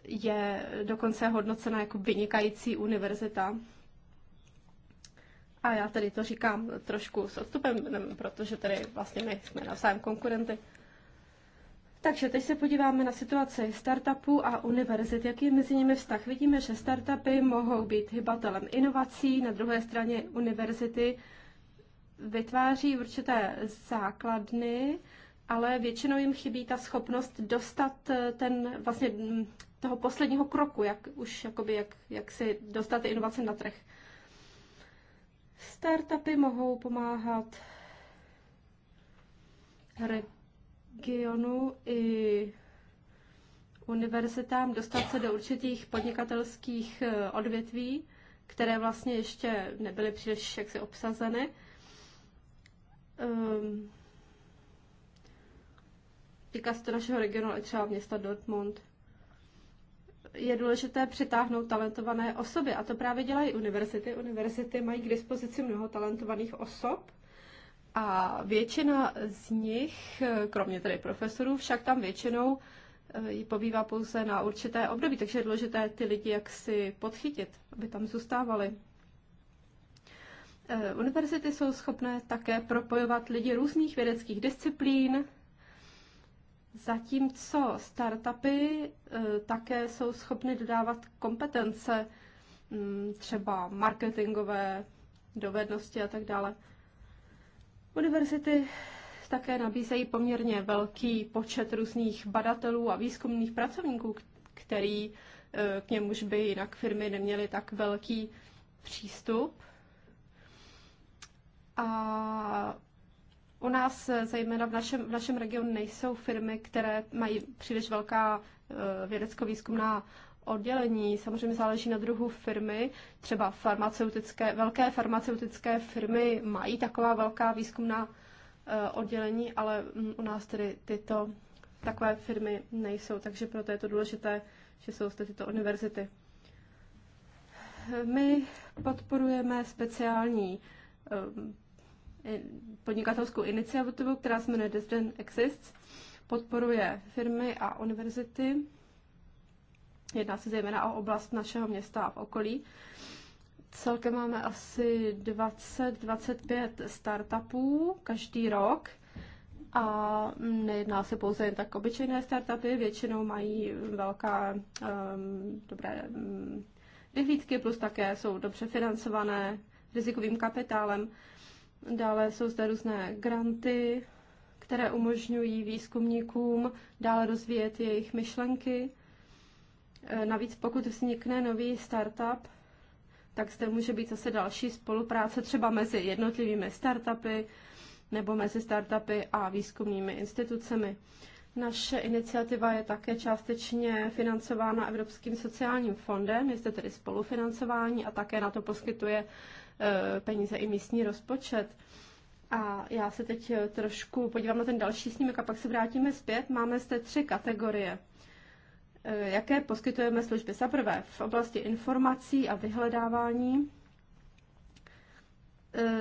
je dokonce hodnocena jako vynikající univerzita. A já tady to říkám trošku s odstupem, protože tady vlastně my jsme navzájem konkurenty. Takže teď se podíváme na situaci startupů a univerzit. Jaký je mezi nimi vztah? Vidíme, že startupy mohou být hybatelem inovací, na druhé straně univerzity vytváří určité základny, ale většinou jim chybí ta schopnost dostat eh, ten vlastně mm, toho posledního kroku, jak už jakoby, jak, jak si dostat ty inovace na trh. Startupy mohou pomáhat regionu i univerzitám dostat se do určitých podnikatelských eh, odvětví, které vlastně ještě nebyly příliš jaksi obsazeny. Ehm, týká se to našeho regionu, ale třeba města Dortmund je důležité přitáhnout talentované osoby a to právě dělají univerzity. Univerzity mají k dispozici mnoho talentovaných osob a většina z nich, kromě tedy profesorů, však tam většinou eh, pobývá pouze na určité období, takže je důležité ty lidi jaksi podchytit, aby tam zůstávali. Eh, univerzity jsou schopné také propojovat lidi různých vědeckých disciplín, Zatímco startupy eh, také jsou schopny dodávat kompetence, mm, třeba marketingové dovednosti a tak dále. Univerzity také nabízejí poměrně velký počet různých badatelů a výzkumných pracovníků, který eh, k němuž by jinak firmy neměly tak velký přístup. A u nás, eh, zejména v našem, v našem regionu, nejsou firmy, které mají příliš velká eh, vědecko-výzkumná oddělení. Samozřejmě záleží na druhu firmy. Třeba farmaceutické, velké farmaceutické firmy mají taková velká výzkumná eh, oddělení, ale mm, u nás tedy tyto takové firmy nejsou, takže proto je to důležité, že jsou zde tyto univerzity. My podporujeme speciální Eh, podnikatelskou iniciativu, která se jmenuje Desden Exists. Podporuje firmy a univerzity. Jedná se zejména o oblast našeho města a v okolí. Celkem máme asi 20-25 startupů každý rok a nejedná se pouze jen tak obyčejné startupy, většinou mají velká, um, dobré um, vyhlídky, plus také jsou dobře financované rizikovým kapitálem. Dále jsou zde různé granty, které umožňují výzkumníkům dále rozvíjet jejich myšlenky. E, navíc pokud vznikne nový startup, tak zde může být zase další spolupráce třeba mezi jednotlivými startupy nebo mezi startupy a výzkumnými institucemi. Naše iniciativa je také částečně financována Evropským sociálním fondem, je zde tedy spolufinancování a také na to poskytuje Eh, peníze i místní rozpočet. A já se teď eh, trošku podívám na ten další snímek a pak se vrátíme zpět. Máme zde tři kategorie. Eh, jaké poskytujeme služby? Za prvé v oblasti informací a vyhledávání.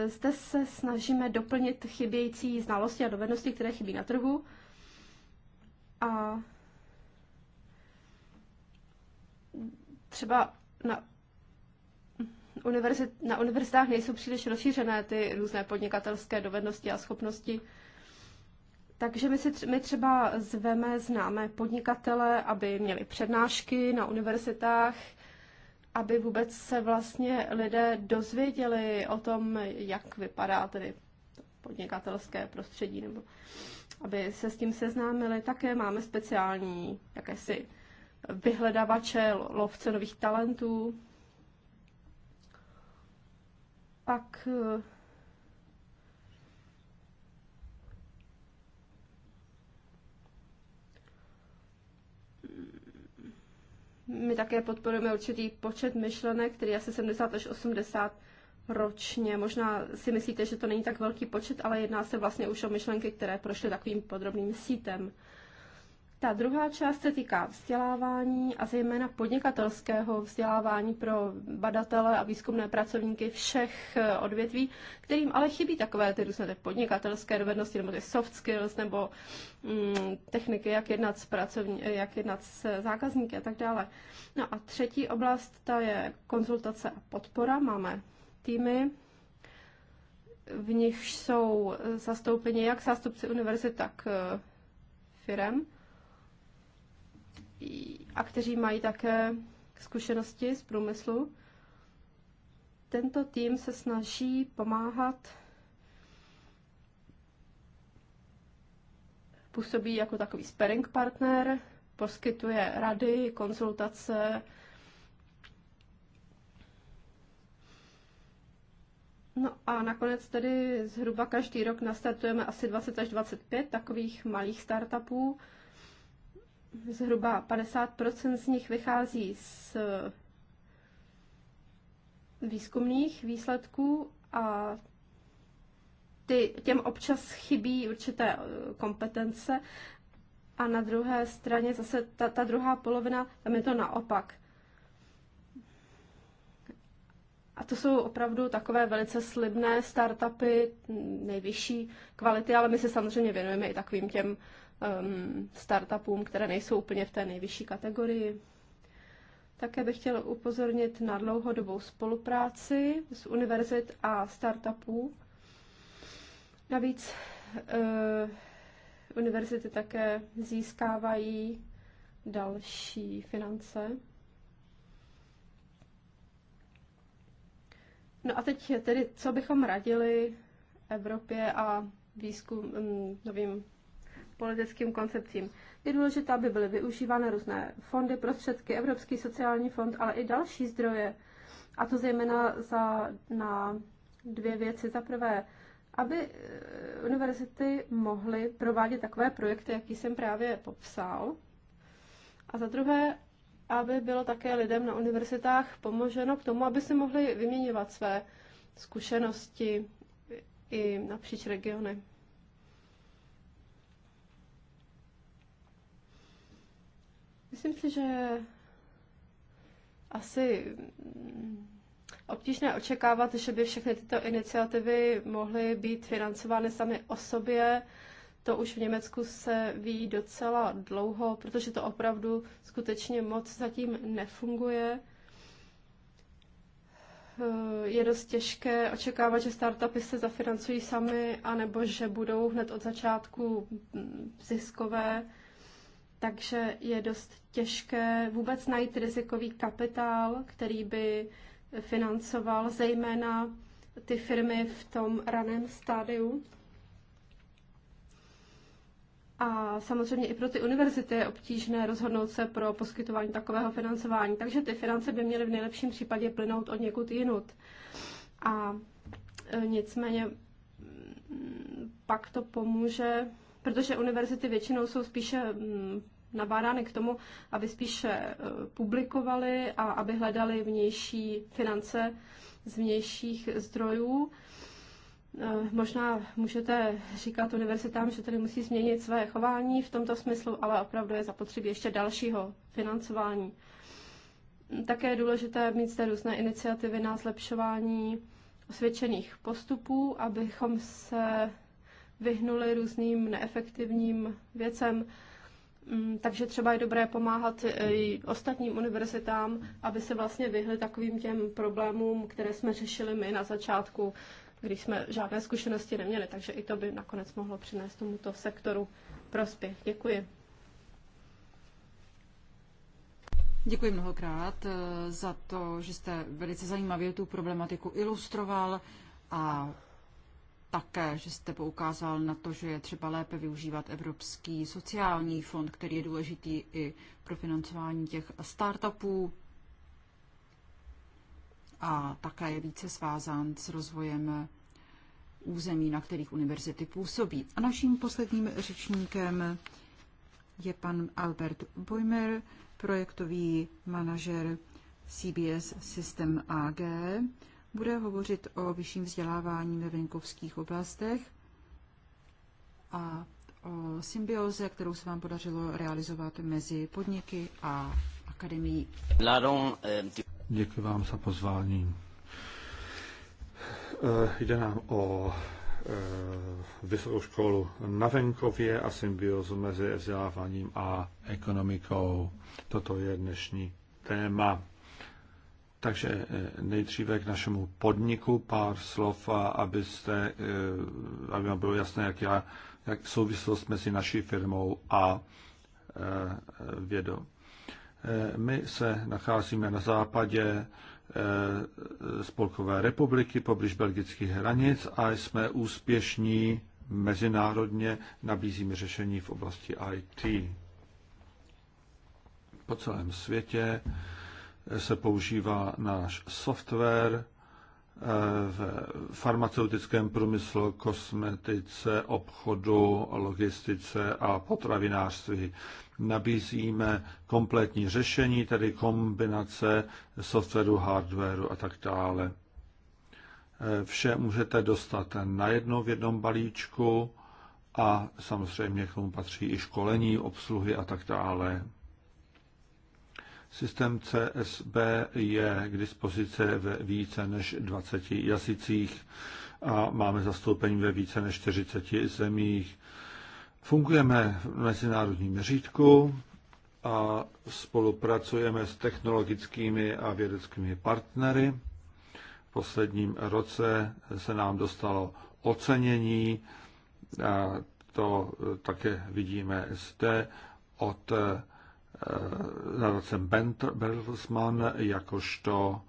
Zde se snažíme doplnit chybějící znalosti a dovednosti, které chybí na trhu. A třeba na univerzit, na univerzitách nejsou příliš rozšířené ty různé podnikatelské dovednosti a schopnosti. Takže my, si, my třeba zveme známé podnikatele, aby měli přednášky na univerzitách, aby vůbec se vlastně lidé dozvěděli o tom, jak vypadá tedy podnikatelské prostředí, nebo aby se s tím seznámili. Také máme speciální jakési vyhledavače, lovce nových talentů, pak eh, my také podporujeme určitý počet myšlenek, který je asi 70 až 80 ročně. Možná si myslíte, že to není tak velký počet, ale jedná se vlastně už o myšlenky, které prošly takovým podrobným sítem. Ta druhá část se týká vzdělávání a zejména podnikatelského vzdělávání pro badatele a výzkumné pracovníky všech eh, odvětví, kterým ale chybí takové ty různé ty podnikatelské dovednosti nebo ty soft skills nebo mm, techniky, jak jednat, s pracovní, eh, jak jednat s zákazníky a tak dále. No a třetí oblast, ta je konzultace a podpora. Máme týmy, v nich jsou zastoupeni jak zástupci univerzit, tak eh, firem a kteří mají také zkušenosti z průmyslu. Tento tým se snaží pomáhat, působí jako takový sparring partner, poskytuje rady, konzultace, No a nakonec tedy zhruba každý rok nastartujeme asi 20 až 25 takových malých startupů, zhruba 50% z nich vychází z eh, výzkumných výsledků a ty, těm občas chybí určité eh, kompetence a na druhé straně zase ta, ta druhá polovina, tam je to naopak. A to jsou opravdu takové velice slibné startupy mm, nejvyšší kvality, ale my se samozřejmě věnujeme i takovým těm um, startupům, které nejsou úplně v té nejvyšší kategorii. Také bych chtěla upozornit na dlouhodobou spolupráci s univerzit a startupů. Navíc uh, univerzity také získávají další finance. No a teď tedy, co bychom radili Evropě a výzkum, mm, novým politickým koncepcím. Je důležité, aby byly využívány různé fondy, prostředky, Evropský sociální fond, ale i další zdroje. A to zejména za, na dvě věci. Za prvé, aby eh, univerzity mohly provádět takové projekty, jaký jsem právě popsal. A za druhé, aby bylo také lidem na univerzitách pomoženo k tomu, aby si mohli vyměňovat své zkušenosti i napříč regiony. Myslím si, že asi mm, obtížné očekávat, že by všechny tyto iniciativy mohly být financovány sami o sobě. To už v Německu se ví docela dlouho, protože to opravdu skutečně moc zatím nefunguje. Eh, je dost těžké očekávat, že startupy se zafinancují sami, anebo že budou hned od začátku mm, ziskové takže je dost těžké vůbec najít rizikový kapitál, který by financoval zejména ty firmy v tom raném stádiu. A samozřejmě i pro ty univerzity je obtížné rozhodnout se pro poskytování takového financování, takže ty finance by měly v nejlepším případě plynout od někud jinut. A e, nicméně mm, pak to pomůže protože univerzity většinou jsou spíše mm, nabádány k tomu, aby spíše eh, publikovali a aby hledali vnější finance z vnějších zdrojů. Eh, možná můžete říkat univerzitám, že tady musí změnit své chování v tomto smyslu, ale opravdu je zapotřebí ještě dalšího financování. Také je důležité mít zde různé iniciativy na zlepšování osvědčených postupů, abychom se vyhnuli různým neefektivním věcem. Mm, takže třeba je dobré pomáhat eh, i ostatním univerzitám, aby se vlastně vyhli takovým těm problémům, které jsme řešili my na začátku, když jsme žádné zkušenosti neměli. Takže i to by nakonec mohlo přinést tomuto sektoru prospěch. Děkuji. Děkuji mnohokrát eh, za to, že jste velice zajímavě tu problematiku ilustroval a také, že jste poukázal na to, že je třeba lépe využívat Evropský sociální fond, který je důležitý i pro financování těch startupů a také je více svázán s rozvojem území, na kterých univerzity působí. A naším posledním řečníkem je pan Albert Bojmer, projektový manažer CBS System AG bude hovořit o vyšším vzdělávání ve venkovských oblastech a o symbioze, kterou se vám podařilo realizovat mezi podniky a akademií. Děkuji vám za pozvání. Eh, jde nám o eh, vysokou školu na venkově a symbiozu mezi vzděláváním a ekonomikou. Toto je dnešní téma. Takže eh, nejdříve k našemu podniku pár slov, abyste, eh, aby vám bylo jasné, jak, já, jak souvislost mezi naší firmou a eh, vědou. My se nacházíme na západě Spolkové republiky poblíž belgických hranic a jsme úspěšní mezinárodně, nabízíme řešení v oblasti IT. Po celém světě se používá náš software eh, v farmaceutickém průmyslu, kosmetice, obchodu, logistice a potravinářství. Nabízíme kompletní řešení, tedy kombinace softwaru, hardwaru a tak dále. Eh, vše můžete dostat jedno v jednom balíčku a samozřejmě k tomu patří i školení, obsluhy a tak dále. Systém CSB je k dispozici ve více než 20 jazycích a máme zastoupení ve více než 40 zemích. Fungujeme v mezinárodním měřítku a spolupracujeme s technologickými a vědeckými partnery. V posledním roce se nám dostalo ocenění, a to také vidíme zde od Radocem eh, Bertelsmann jakožto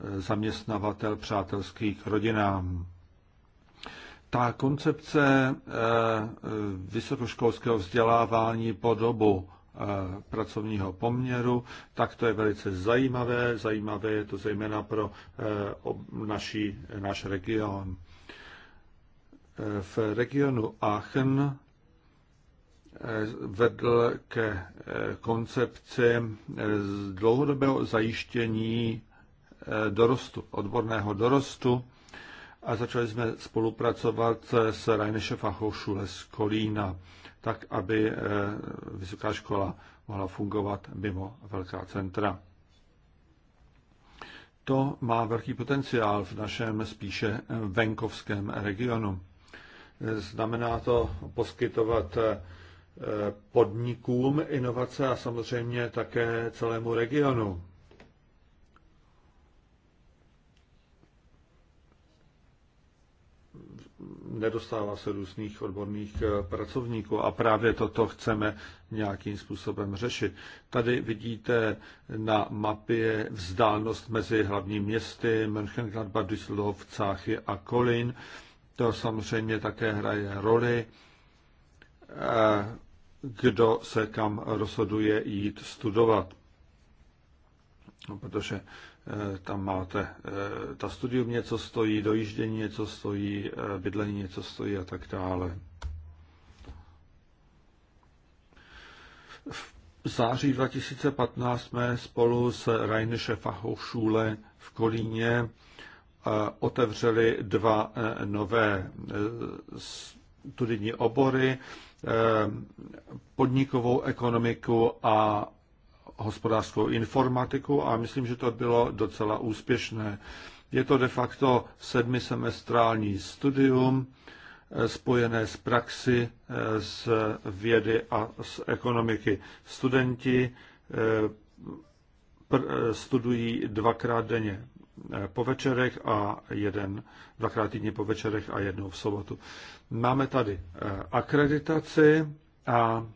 eh, zaměstnavatel přátelských k rodinám. Ta koncepce eh, vysokoškolského vzdělávání po dobu pracovního poměru, tak to je velice zajímavé. Zajímavé je to zejména pro naší, náš region. V regionu Aachen vedl ke eh, koncepci eh, z dlouhodobého zajištění eh, dorostu, odborného dorostu a začali jsme spolupracovat s Rajneše Fachhochschule z Kolína, tak, aby vysoká škola mohla fungovat mimo velká centra. To má velký potenciál v našem spíše venkovském regionu. Znamená to poskytovat podnikům inovace a samozřejmě také celému regionu. Nedostává se různých odborných eh, pracovníků a právě toto chceme nějakým způsobem řešit. Tady vidíte na mapě vzdálenost mezi hlavními městy Mönchengladbach, Düsseldorf, Cáchy a Kolín. To samozřejmě také hraje roli. Eh, kdo se kam rozhoduje jít studovat. No, protože eh, tam máte, eh, ta studium něco stojí, dojíždění něco stojí, eh, bydlení něco stojí a tak dále. V září 2015 jsme spolu s Rheinische Fachhochschule v Kolíně otevřeli dva nové studijní obory. Eh, podnikovou ekonomiku a hospodářskou informatiku a myslím, že to bylo docela úspěšné. Je to de facto sedmisemestrální studium eh, spojené s praxi, z eh, vědy a z ekonomiky. Studenti studují dvakrát denně Eh, po večerech a jeden, dvakrát týdně po večerech a jednou v sobotu. Máme tady eh, akreditaci a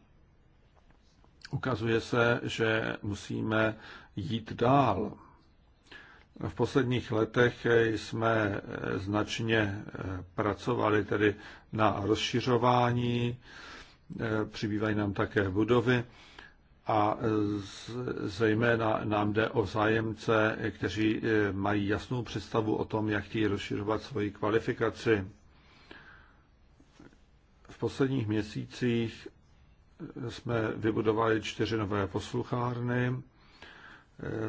ukazuje se, že musíme jít dál. V posledních letech jsme eh, značně pracovali tedy na rozšiřování, přibývají nám také budovy a e, zejména nám jde o zájemce, kteří e, mají jasnou představu o tom, jak chtějí rozširovat svoji kvalifikaci. V posledních měsících e, jsme vybudovali čtyři nové posluchárny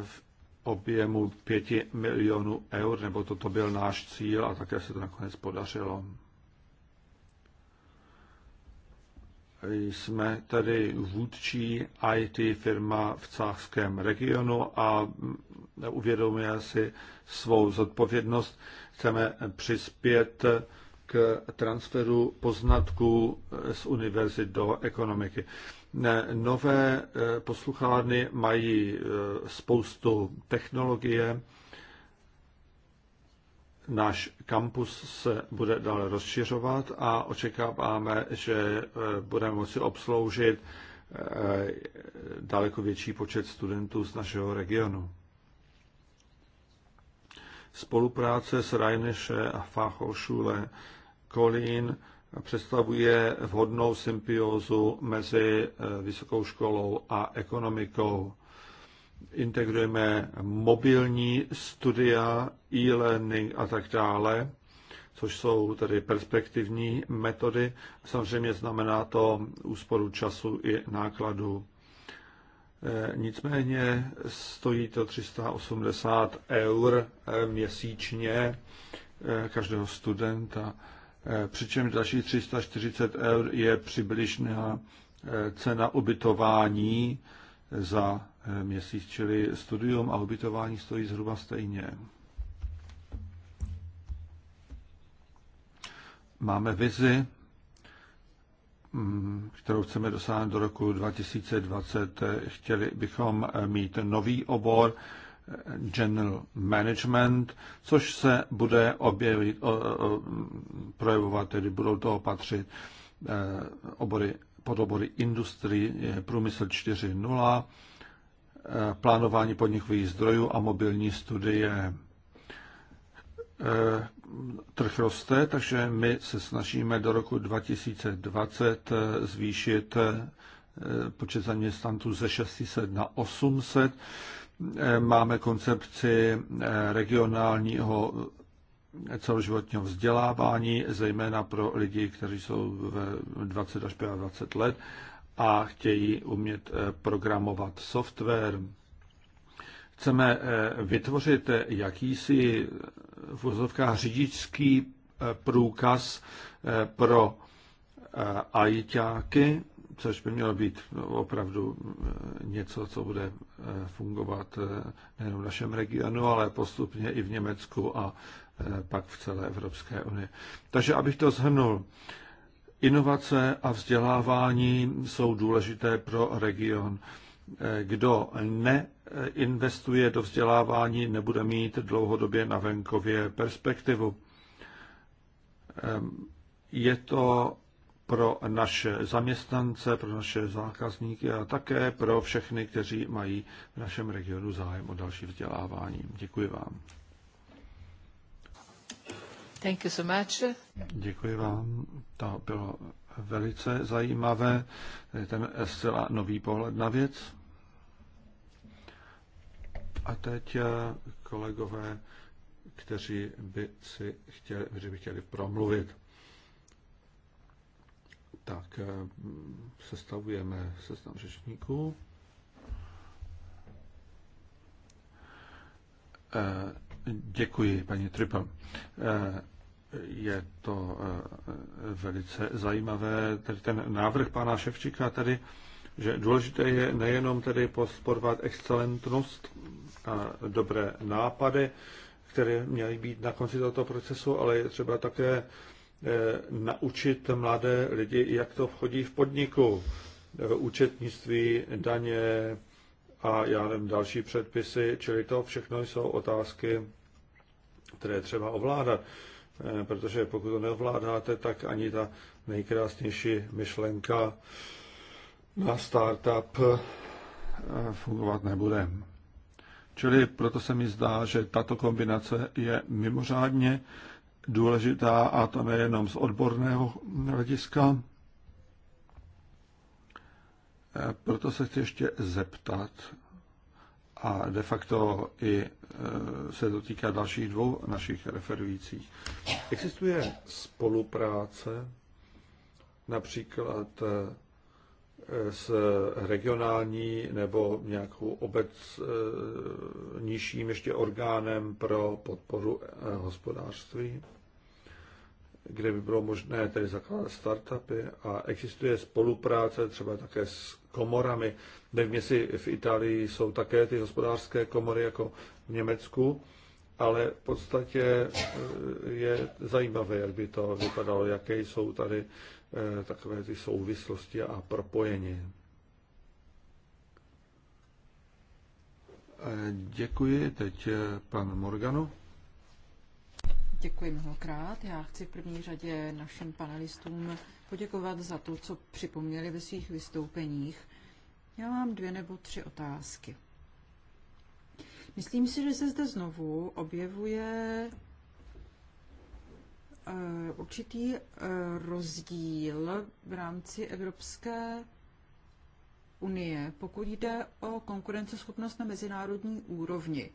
v objemu pěti milionů eur, nebo toto byl náš cíl a také se to nakonec podařilo. jsme tedy vůdčí IT firma v cáchském regionu a uvědomuje si svou zodpovědnost. Chceme přispět k transferu poznatků z univerzit do ekonomiky. Nové eh, posluchárny mají eh, spoustu technologie, Náš kampus se bude dále rozšiřovat a očekáváme, že eh, budeme moci obsloužit eh, daleko větší počet studentů z našeho regionu. Spolupráce s Rheinische a Fachhochschule Kolín představuje vhodnou symbiózu mezi eh, vysokou školou a ekonomikou integrujeme mobilní studia, e-learning a tak dále, což jsou tedy perspektivní metody. Samozřejmě znamená to úsporu času i nákladu. E, nicméně stojí to 380 eur e, měsíčně e, každého studenta, přičemž další 340 eur je přibližná cena ubytování za měsíc, čili studium a ubytování stojí zhruba stejně. Máme vizi, mm, kterou chceme dosáhnout do roku 2020. Chtěli bychom mít nový obor General Management, což se bude objevit, projevovat, tedy budou to patřit eh, obory, podobory Industry, Průmysl Eh, plánování podnikových zdrojů a mobilní studie. Eh, trh roste, takže my se snažíme do roku 2020 eh, zvýšit počet zaměstnanců ze 600 na 800. Máme koncepci regionálního celoživotního vzdělávání, zejména pro lidi, kteří jsou ve 20 až 25 let a chtějí umět eh, programovat software. Chceme eh, vytvořit eh, jakýsi v řidičský průkaz pro ajťáky, což by mělo být opravdu něco, co bude fungovat nejen v našem regionu, ale postupně i v Německu a pak v celé Evropské unii. Takže abych to zhrnul, Inovace a vzdělávání jsou důležité pro region. Kdo neinvestuje do vzdělávání, nebude mít dlouhodobě na venkově perspektivu. Ehm, je to pro naše zaměstnance, pro naše zákazníky a také pro všechny, kteří mají v našem regionu zájem o další vzdělávání. Děkuji vám. Thank you so much. Děkuji vám. To bylo velice zajímavé. Ten zcela nový pohled na věc. A teď eh, kolegové, kteří by si chtěli, kteří by chtěli promluvit. Tak eh, sestavujeme seznam řečníků. Eh, Děkuji, paní Tripa. Eh, je to eh, velice zajímavé, tedy ten návrh pana Ševčíka tady, že důležité je nejenom tedy posporovat excelentnost a dobré nápady, které měly být na konci tohoto procesu, ale je třeba také eh, naučit mladé lidi, jak to chodí v podniku, účetnictví, daně, a já nevím, další předpisy, čili to všechno jsou otázky, které třeba ovládat, eh, protože pokud to neovládáte, tak ani ta nejkrásnější myšlenka na startup eh, fungovat nebude. Čili proto se mi zdá, že tato kombinace je mimořádně důležitá a to nejenom z odborného hlediska, Eh, proto se chci ještě zeptat, a de facto i eh, se to týká dalších dvou našich referujících. Existuje spolupráce například eh, s regionální nebo nějakou obec nižším ještě orgánem pro podporu hospodářství, kde by bylo možné tedy zakládat startupy a existuje spolupráce třeba také s komorami. Nevím, jestli v Itálii jsou také ty hospodářské komory jako v Německu, ale v podstatě eh, je zajímavé, jak by to vypadalo, jaké jsou tady eh, takové ty souvislosti a propojení. Eh, děkuji. Teď pan Morgano. Děkuji mnohokrát. Já chci v první řadě našim panelistům poděkovat za to, co připomněli ve svých vystoupeních. Já mám dvě nebo tři otázky. Myslím si, že se zde znovu objevuje eh, určitý eh, rozdíl v rámci Evropské unie, pokud jde o konkurenceschopnost na mezinárodní úrovni.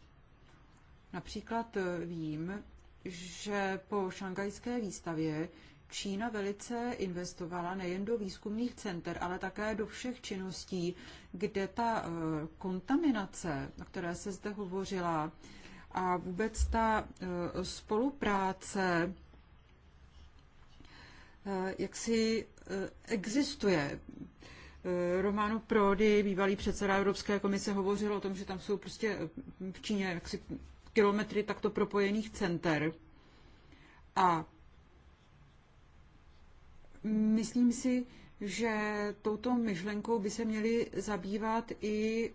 Například eh, vím, že po šangajské výstavě Čína velice investovala nejen do výzkumných center, ale také do všech činností, kde ta eh, kontaminace, o které se zde hovořila, a vůbec ta eh, spolupráce, eh, jak si existuje. Romano Prody bývalý předseda Evropské komise, hovořil o tom, že tam jsou prostě v Číně jaksi kilometry takto propojených center. A Myslím si, že touto myšlenkou by se měly zabývat i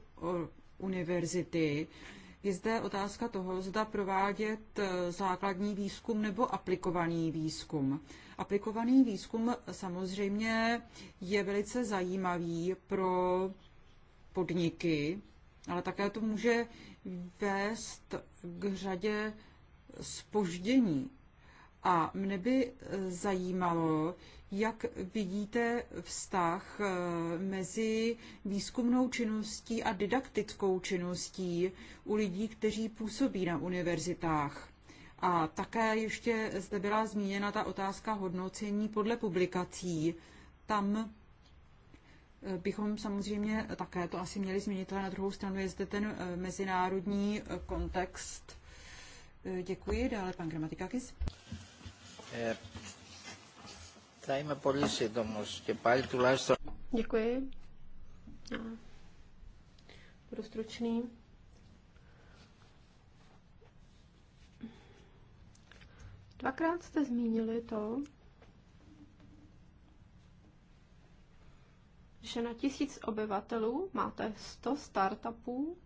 univerzity. Je zde otázka toho, zda provádět e, základní výzkum nebo aplikovaný výzkum. Aplikovaný výzkum samozřejmě je velice zajímavý pro podniky, ale také to může vést k řadě spoždění. A mne by zajímalo, jak vidíte vztah eh, mezi výzkumnou činností a didaktickou činností u lidí, kteří působí na univerzitách? A také ještě zde byla zmíněna ta otázka hodnocení podle publikací. Tam eh, bychom samozřejmě také to asi měli změnit, ale na druhou stranu je zde ten eh, mezinárodní kontext. Děkuji. Dále pan Gramatikakis. Θα είμαι πολύ σύντομος και πάλι τουλάχιστον... Děkuji. Budu stručný. Dvakrát jste zmínili to, že na tisíc obyvatelů máte 100 startupů.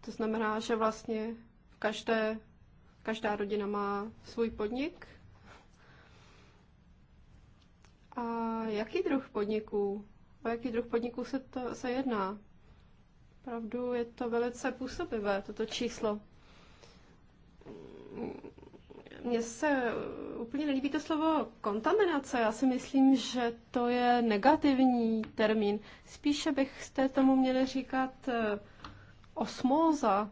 To znamená, že vlastně v každé, každá rodina má svůj podnik. A jaký druh podniků? O jaký druh podniků se, to, se jedná? Pravdu je to velice působivé, toto číslo. Mně se úplně nelíbí to slovo kontaminace. Já si myslím, že to je negativní termín. Spíše bych byste tomu měli říkat eh, osmóza.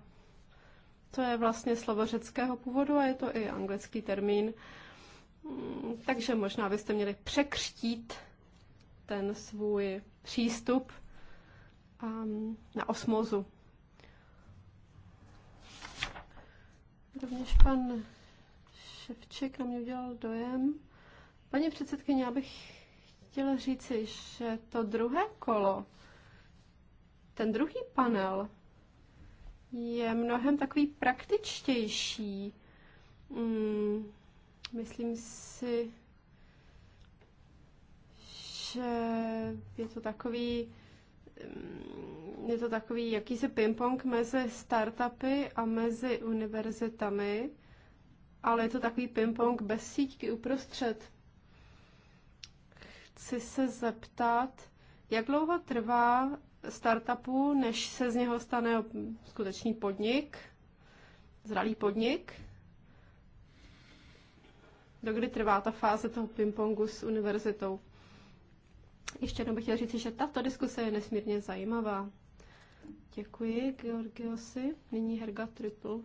To je vlastně slovo řeckého původu a je to i anglický termín. Uh, Mm, takže možná byste měli překřtít ten svůj přístup um, na osmozu. Rovněž pan Ševček na mě udělal dojem. Paní předsedkyně, já bych chtěla říci, že to druhé kolo, ten druhý panel, je mnohem takový praktičtější. Mm Myslím si, že je to takový mm, je to takový jakýsi ping-pong mezi startupy a mezi univerzitami, ale je to takový ping-pong bez síťky uprostřed. Chci se zeptat, jak dlouho trvá startupu, než se z něho stane skutečný podnik, zralý podnik? dokdy trvá ta fáze toho pingpongu s univerzitou. Ještě jednou bych chtěla říct, že tato diskuse je nesmírně zajímavá. Děkuji, Georgiosi. Nyní Herga Triple.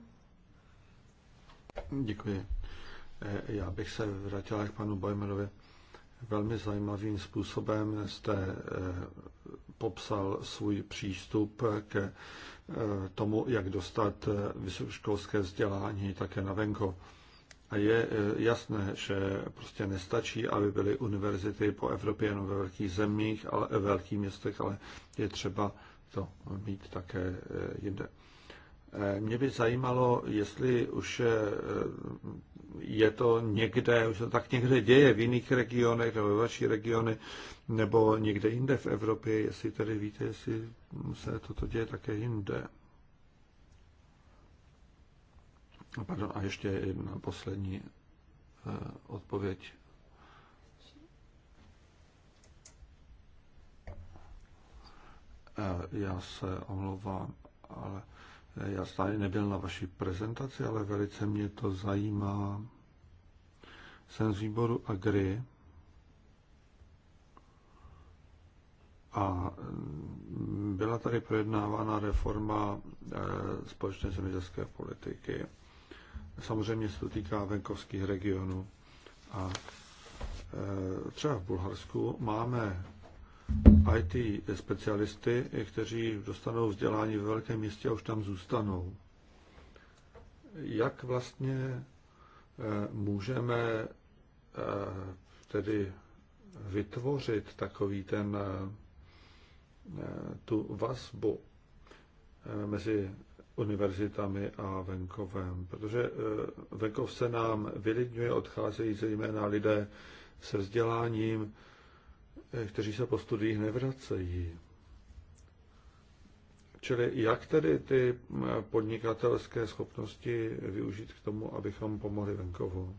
Děkuji. Eh, já bych se vrátila k panu Bojmerovi. Velmi zajímavým způsobem jste eh, popsal svůj přístup k eh, tomu, jak dostat vysokoškolské vzdělání také na venkov. A je e, jasné, že prostě nestačí, aby byly univerzity po Evropě jenom ve velkých zemích, ale ve velkých městech, ale je třeba to mít také e, jinde. E, mě by zajímalo, jestli už je to někde, už to tak někde děje v jiných regionech nebo ve vaší regiony, nebo někde jinde v Evropě, jestli tedy víte, jestli se toto děje také jinde. Pardon, a ještě jedna poslední eh, odpověď. Eh, já se omlouvám, ale eh, já stále nebyl na vaší prezentaci, ale velice mě to zajímá. Jsem z výboru Agri a mm, byla tady projednávána reforma společné zemědělské politiky samozřejmě se to týká venkovských regionů. A e, třeba v Bulharsku máme IT specialisty, kteří dostanou vzdělání ve velkém městě a už tam zůstanou. Jak vlastně e, můžeme e, tedy vytvořit takový ten tu vazbu mezi univerzitami a venkovem, protože eh, venkov se nám vylidňuje, odcházejí zejména lidé se vzděláním, eh, kteří se po studiích nevracejí. Čili jak tedy ty eh, podnikatelské schopnosti využít k tomu, abychom pomohli venkovu?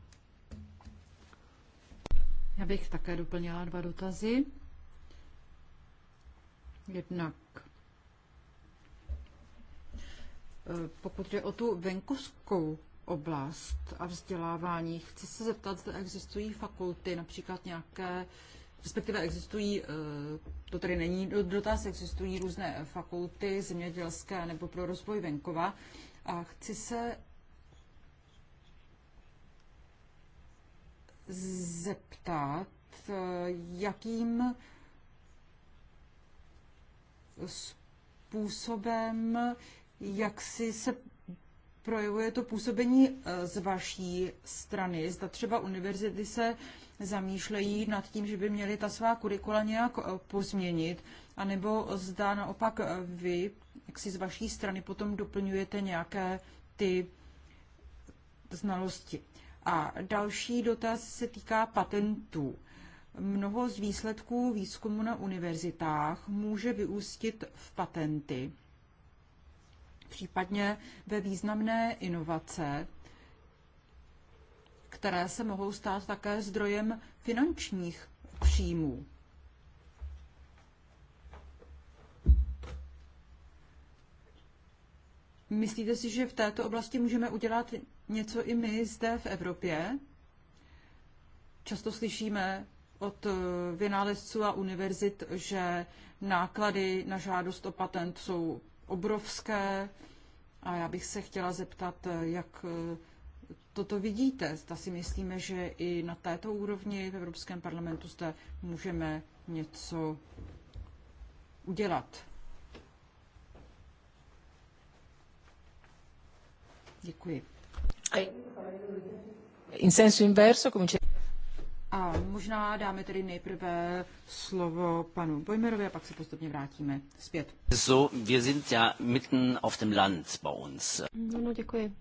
Já bych také doplnila dva dotazy. Jednak Eh, pokud je o tu venkovskou oblast a vzdělávání, chci se zeptat, zda existují fakulty, například nějaké, respektive existují, eh, to tady není dotaz, existují různé fakulty zemědělské nebo pro rozvoj venkova. A chci se zeptat, eh, jakým způsobem jak si se projevuje to působení eh, z vaší strany. Zda třeba univerzity se zamýšlejí nad tím, že by měly ta svá kurikula nějak eh, pozměnit, anebo zda naopak eh, vy, jak si z vaší strany potom doplňujete nějaké ty znalosti. A další dotaz se týká patentů. Mnoho z výsledků výzkumu na univerzitách může vyústit v patenty případně ve významné inovace, které se mohou stát také zdrojem finančních příjmů. Myslíte si, že v této oblasti můžeme udělat něco i my zde v Evropě? Často slyšíme od vynálezců a univerzit, že náklady na žádost o patent jsou obrovské a já bych se chtěla zeptat, jak eh, toto vidíte. Zda si myslíme, že i na této úrovni v Evropském parlamentu zde můžeme něco udělat. Děkuji. In senso inverso, comincia možná dáme tedy nejprve slovo panu Bojmerovi a pak se postupně vrátíme zpět. So, wir sind ja mitten auf dem Land bei uns. No, no, děkuji.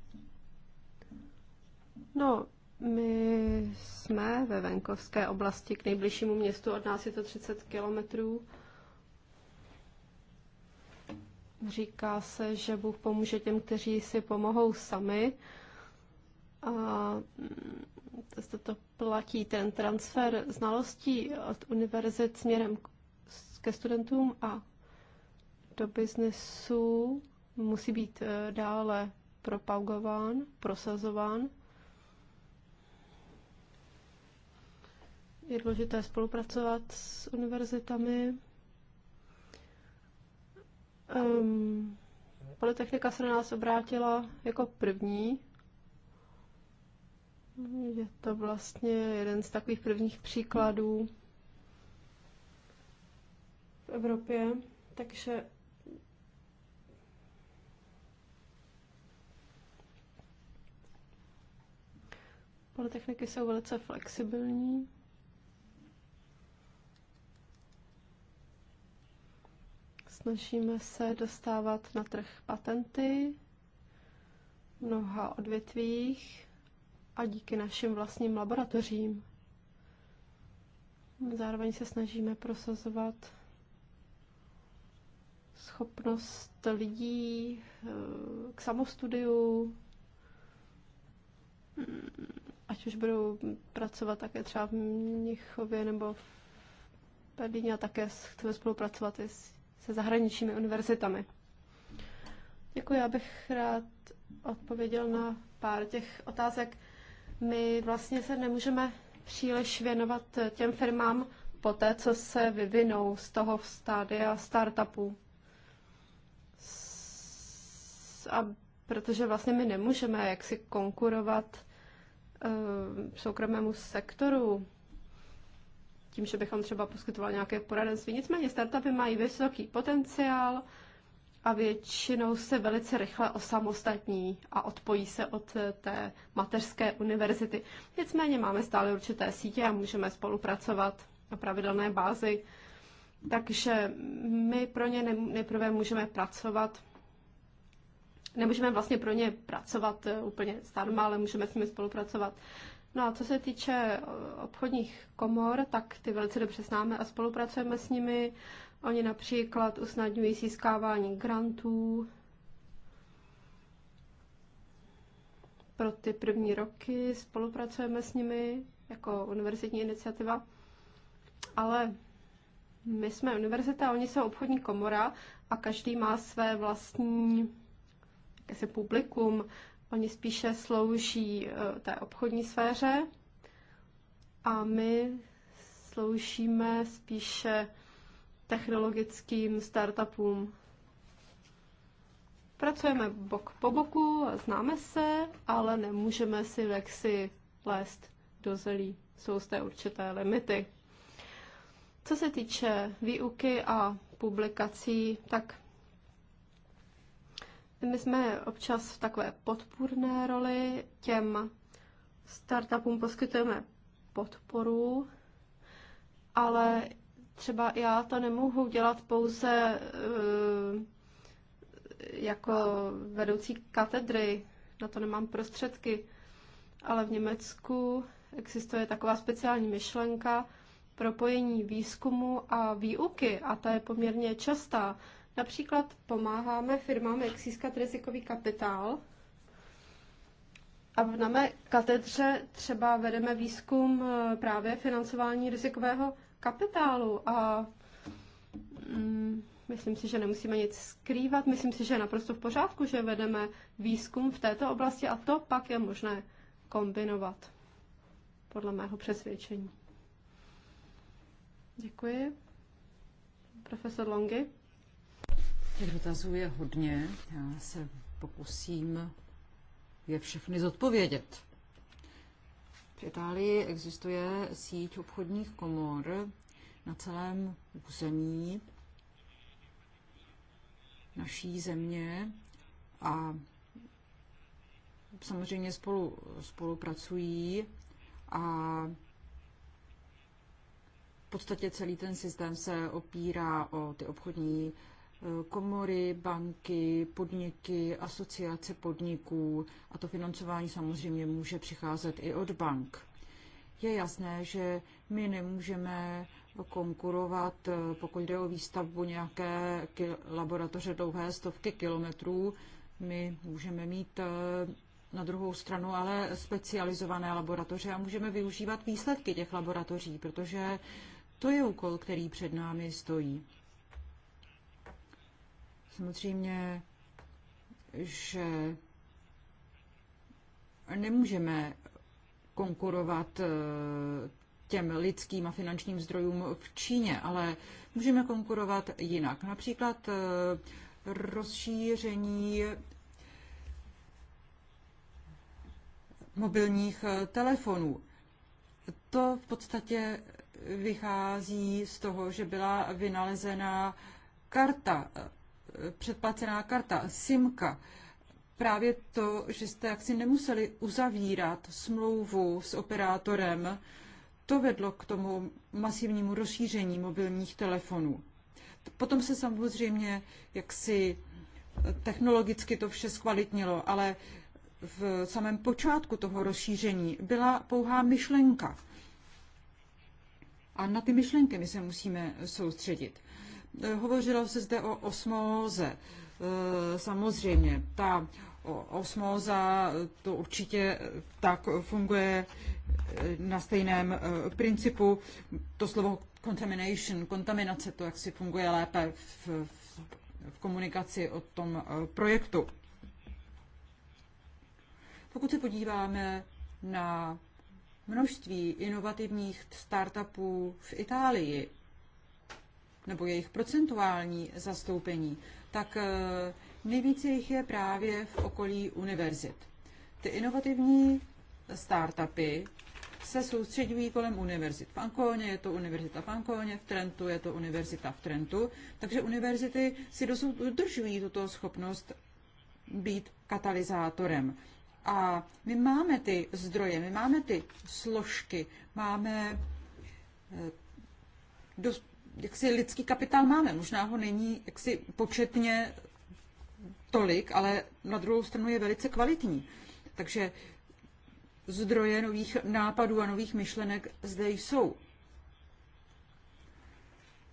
No, my jsme ve venkovské oblasti, k nejbližšímu městu od nás je to 30 kilometrů. Říká se, že Bůh pomůže těm, kteří si pomohou sami. A mm, zda to platí ten transfer znalostí od univerzit směrem ke studentům a do biznesu musí být eh, dále propagován, prosazován. Je důležité spolupracovat s univerzitami. Um, ehm, Politechnika se na nás obrátila jako první je to vlastně jeden z takových prvních příkladů v Evropě, takže politechniky jsou velice flexibilní. Snažíme se dostávat na trh patenty v mnoha odvětvích a díky našim vlastním laboratořím. Zároveň se snažíme prosazovat schopnost lidí eh, k samostudiu, ať už budou pracovat také třeba v Mnichově nebo v Berlíně a také chceme spolupracovat i se zahraničními univerzitami. Děkuji, já bych rád odpověděl na pár těch otázek. My vlastně se nemůžeme příliš věnovat těm firmám po té, co se vyvinou z toho stádia startupů. A protože vlastně my nemůžeme jaksi konkurovat eh, soukromému sektoru tím, že bychom třeba poskytovali nějaké poradenství. Nicméně startupy mají vysoký potenciál, a většinou se velice rychle osamostatní a odpojí se od eh, té mateřské univerzity. Nicméně máme stále určité sítě a můžeme spolupracovat na pravidelné bázi, takže my pro ně nejprve můžeme pracovat nemůžeme vlastně pro ně pracovat eh, úplně zdarma, ale můžeme s nimi spolupracovat. No a co se týče eh, obchodních komor, tak ty velice dobře známe a spolupracujeme s nimi. Oni například usnadňují získávání grantů pro ty první roky, spolupracujeme s nimi jako univerzitní iniciativa, ale my jsme univerzita, oni jsou obchodní komora a každý má své vlastní jakési publikum. Oni spíše slouží eh, té obchodní sféře a my sloužíme spíše technologickým startupům. Pracujeme bok po boku, známe se, ale nemůžeme si lexi lézt do zelí. Jsou zde určité limity. Co se týče výuky a publikací, tak my jsme občas v takové podpůrné roli. Těm startupům poskytujeme podporu, ale třeba já to nemohu dělat pouze eh, jako vedoucí katedry, na to nemám prostředky, ale v Německu existuje taková speciální myšlenka propojení výzkumu a výuky a ta je poměrně častá. Například pomáháme firmám, jak získat rizikový kapitál. A na mé katedře třeba vedeme výzkum eh, právě financování rizikového kapitálu a mm, myslím si, že nemusíme nic skrývat. Myslím si, že je naprosto v pořádku, že vedeme výzkum v této oblasti a to pak je možné kombinovat, podle mého přesvědčení. Děkuji. Profesor Longy. Těch dotazů je hodně. Já se pokusím je všechny zodpovědět. V Itálii existuje síť obchodních komor na celém území naší země a samozřejmě spolu, spolupracují a v podstatě celý ten systém se opírá o ty obchodní komory, banky, podniky, asociace podniků a to financování samozřejmě může přicházet i od bank. Je jasné, že my nemůžeme konkurovat, pokud jde o výstavbu nějaké laboratoře dlouhé stovky kilometrů. My můžeme mít eh, na druhou stranu ale specializované laboratoře a můžeme využívat výsledky těch laboratoří, protože to je úkol, který před námi stojí. Samozřejmě, že nemůžeme konkurovat eh, těm lidským a finančním zdrojům v Číně, ale můžeme konkurovat jinak. Například eh, rozšíření mobilních eh, telefonů. To v podstatě vychází z toho, že byla vynalezena karta předplacená karta, SIMka, právě to, že jste jaksi nemuseli uzavírat smlouvu s operátorem, to vedlo k tomu masivnímu rozšíření mobilních telefonů. Potom se samozřejmě jaksi technologicky to vše zkvalitnilo, ale v samém počátku toho rozšíření byla pouhá myšlenka. A na ty myšlenky my se musíme soustředit. Hovořilo se zde o osmóze. E, samozřejmě, ta osmóza to určitě tak funguje e, na stejném e, principu. To slovo contamination, kontaminace, to jak si funguje lépe v, v komunikaci o tom projektu. Pokud se podíváme na množství inovativních startupů v Itálii, nebo jejich procentuální zastoupení, tak eh, nejvíce jich je právě v okolí univerzit. Ty inovativní startupy se soustředují kolem univerzit. V Ankóně je to univerzita v Ankóně, v Trentu je to univerzita v Trentu, takže univerzity si dosud udržují tuto schopnost být katalyzátorem. A my máme ty zdroje, my máme ty složky, máme eh, dost jaksi lidský kapitál máme. Možná ho není jaksi početně tolik, ale na druhou stranu je velice kvalitní. Takže zdroje nových nápadů a nových myšlenek zde jsou.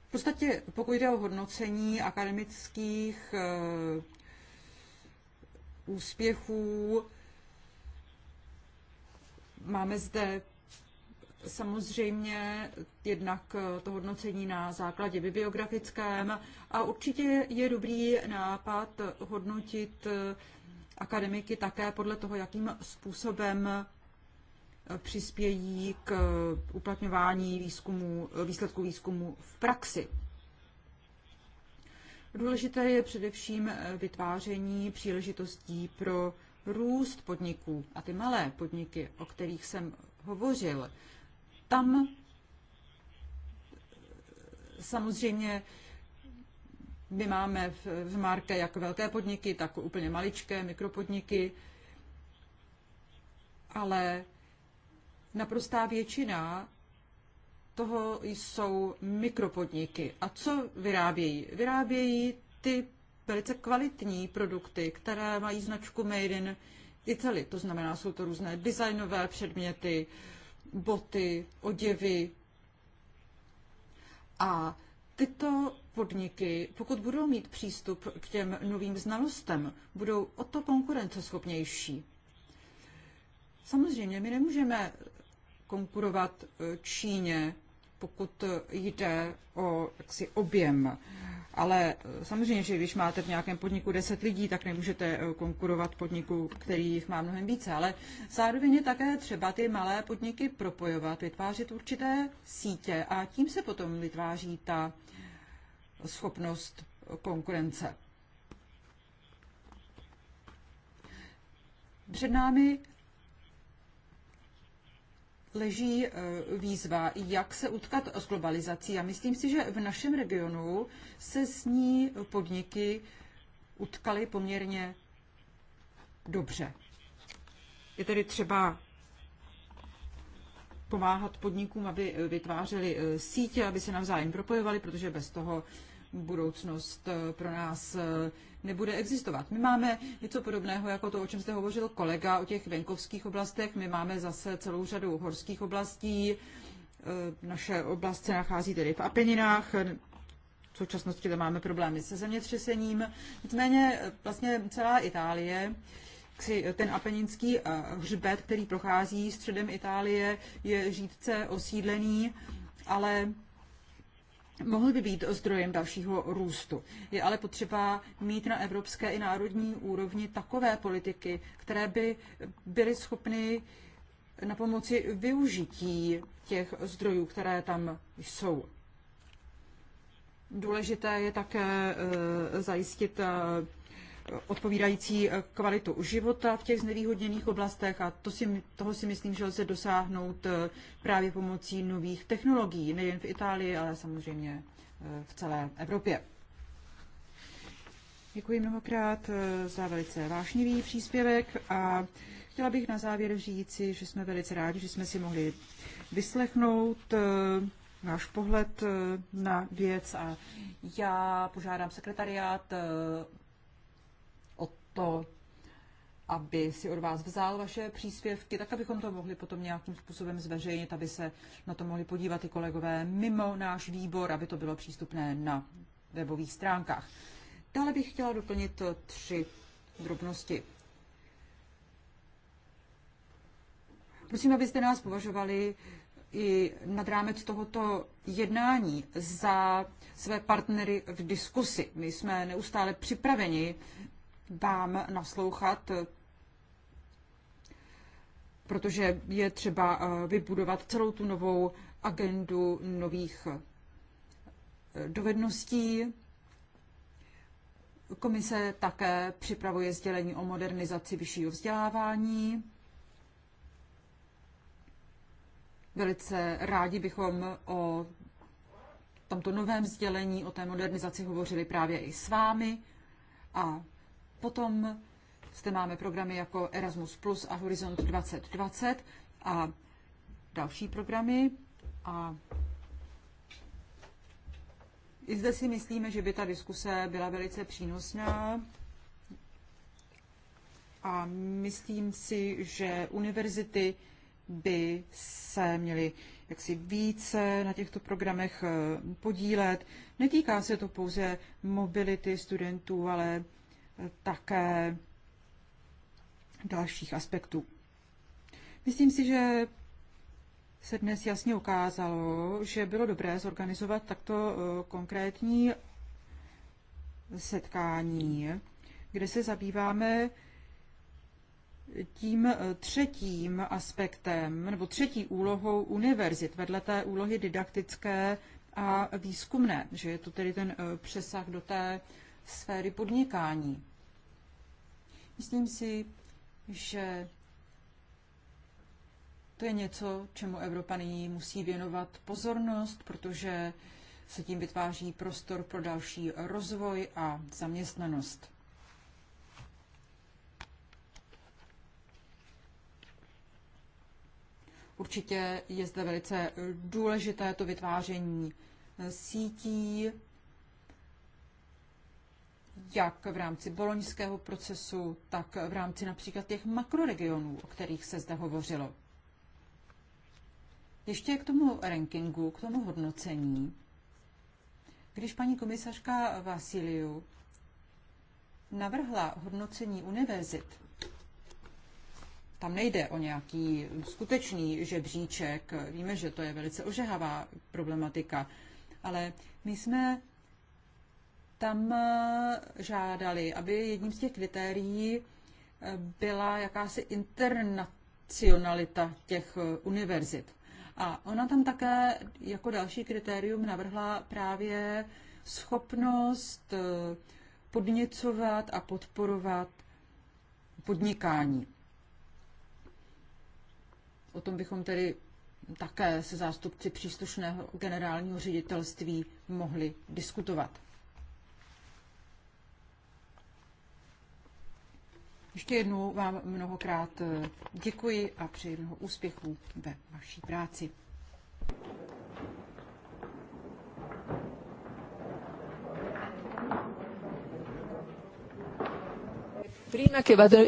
V podstatě, pokud jde o hodnocení akademických e, úspěchů, máme zde samozřejmě jednak to hodnocení na základě bibliografickém a určitě je dobrý nápad hodnotit akademiky také podle toho, jakým způsobem přispějí k uplatňování výzkumu, výsledku výzkumu v praxi. Důležité je především vytváření příležitostí pro růst podniků a ty malé podniky, o kterých jsem hovořil tam samozřejmě my máme v, v Marke jak velké podniky, tak úplně maličké mikropodniky, ale naprostá většina toho jsou mikropodniky. A co vyrábějí? Vyrábějí ty velice kvalitní produkty, které mají značku Made in Italy. To znamená, jsou to různé designové předměty, uh, boty, oděvy. A tyto podniky, pokud budou mít přístup k těm novým znalostem, budou o to konkurenceschopnější. Samozřejmě my nemůžeme konkurovat eh, Číně, pokud jde o jaksi, objem ale eh, samozřejmě, že když máte v nějakém podniku 10 lidí, tak nemůžete eh, konkurovat podniku, který jich má mnohem více. Ale zároveň je také třeba ty malé podniky propojovat, vytvářet určité sítě a tím se potom vytváří ta schopnost konkurence. Před námi leží e, výzva, jak se utkat s globalizací. A myslím si, že v našem regionu se s ní podniky utkaly poměrně dobře. Je tedy třeba pomáhat podnikům, aby e, vytvářeli e, sítě, aby se navzájem propojovali, protože bez toho budoucnost eh, pro nás eh, nebude existovat. My máme něco podobného jako to, o čem jste hovořil kolega, o těch venkovských oblastech. My máme zase celou řadu horských oblastí. Eh, naše oblast se nachází tedy v Apeninách, v současnosti tam máme problémy se zemětřesením. Nicméně vlastně celá Itálie, ten apeninský hřbet, který prochází středem Itálie, je řídce osídlený, ale mohly by být zdrojem dalšího růstu. Je ale potřeba mít na evropské i národní úrovni takové politiky, které by byly schopny na pomoci využití těch zdrojů, které tam jsou. Důležité je také eh, zajistit eh, odpovídající eh, kvalitu života v těch znevýhodněných oblastech a to si, toho si myslím, že lze dosáhnout eh, právě pomocí nových technologií, nejen v Itálii, ale samozřejmě eh, v celé Evropě. Děkuji mnohokrát za velice vášnivý příspěvek a chtěla bych na závěr říci, že jsme velice rádi, že jsme si mohli vyslechnout náš pohled na věc a já požádám sekretariát to, aby si od vás vzal vaše příspěvky, tak abychom to mohli potom nějakým způsobem zveřejnit, aby se na to mohli podívat i kolegové mimo náš výbor, aby to bylo přístupné na webových stránkách. Dále bych chtěla doplnit tři drobnosti. Prosím, abyste nás považovali i nad rámec tohoto jednání za své partnery v diskusi. My jsme neustále připraveni vám naslouchat, protože je třeba eh, vybudovat celou tu novou agendu nových eh, dovedností. Komise také připravuje sdělení o modernizaci vyššího vzdělávání. Velice rádi bychom o tomto novém sdělení, o té modernizaci hovořili právě i s vámi a Potom zde máme programy jako Erasmus Plus a Horizont 2020 a další programy. A i zde si myslíme, že by ta diskuse byla velice přínosná. A myslím si, že univerzity by se měly jaksi více na těchto programech eh, podílet. Netýká se to pouze mobility studentů, ale také dalších aspektů. Myslím si, že se dnes jasně ukázalo, že bylo dobré zorganizovat takto eh, konkrétní setkání, kde se zabýváme tím eh, třetím aspektem, nebo třetí úlohou univerzit, vedle té úlohy didaktické a výzkumné, že je to tedy ten eh, přesah do té sféry podnikání. Myslím si, že to je něco, čemu Evropa nyní musí věnovat pozornost, protože se tím vytváří prostor pro další rozvoj a zaměstnanost. Určitě je zde velice důležité to vytváření sítí jak v rámci boloňského procesu, tak v rámci například těch makroregionů, o kterých se zde hovořilo. Ještě k tomu rankingu, k tomu hodnocení. Když paní komisařka Vasiliu navrhla hodnocení univerzit, tam nejde o nějaký skutečný žebříček, víme, že to je velice ožehavá problematika, ale my jsme tam eh, žádali, aby jedním z těch kritérií eh, byla jakási internacionalita těch eh, univerzit. A ona tam také jako další kritérium navrhla právě schopnost podněcovat a podporovat podnikání. O tom bychom tedy také se zástupci příslušného generálního ředitelství mohli diskutovat. Ještě jednou vám mnohokrát eh, děkuji a přeji mnoho úspěchů ve vaší práci. Prima che vado...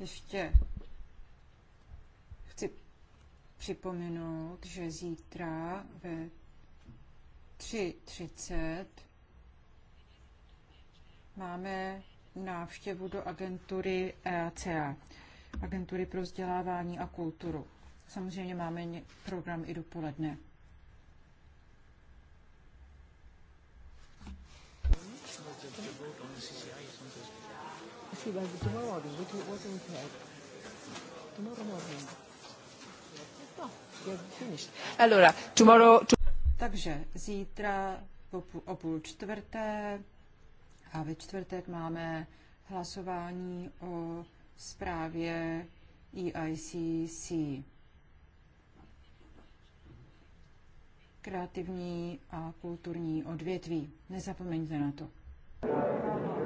Ještě chci připomenout, že zítra ve 3.30 máme návštěvu do agentury EACA, agentury pro vzdělávání a kulturu. Samozřejmě máme program i dopoledne. do Allora, tomorrow... Takže zítra o půl čtvrté a ve čtvrtek máme hlasování o zprávě EICC. Kreativní a kulturní odvětví. Nezapomeňte na to.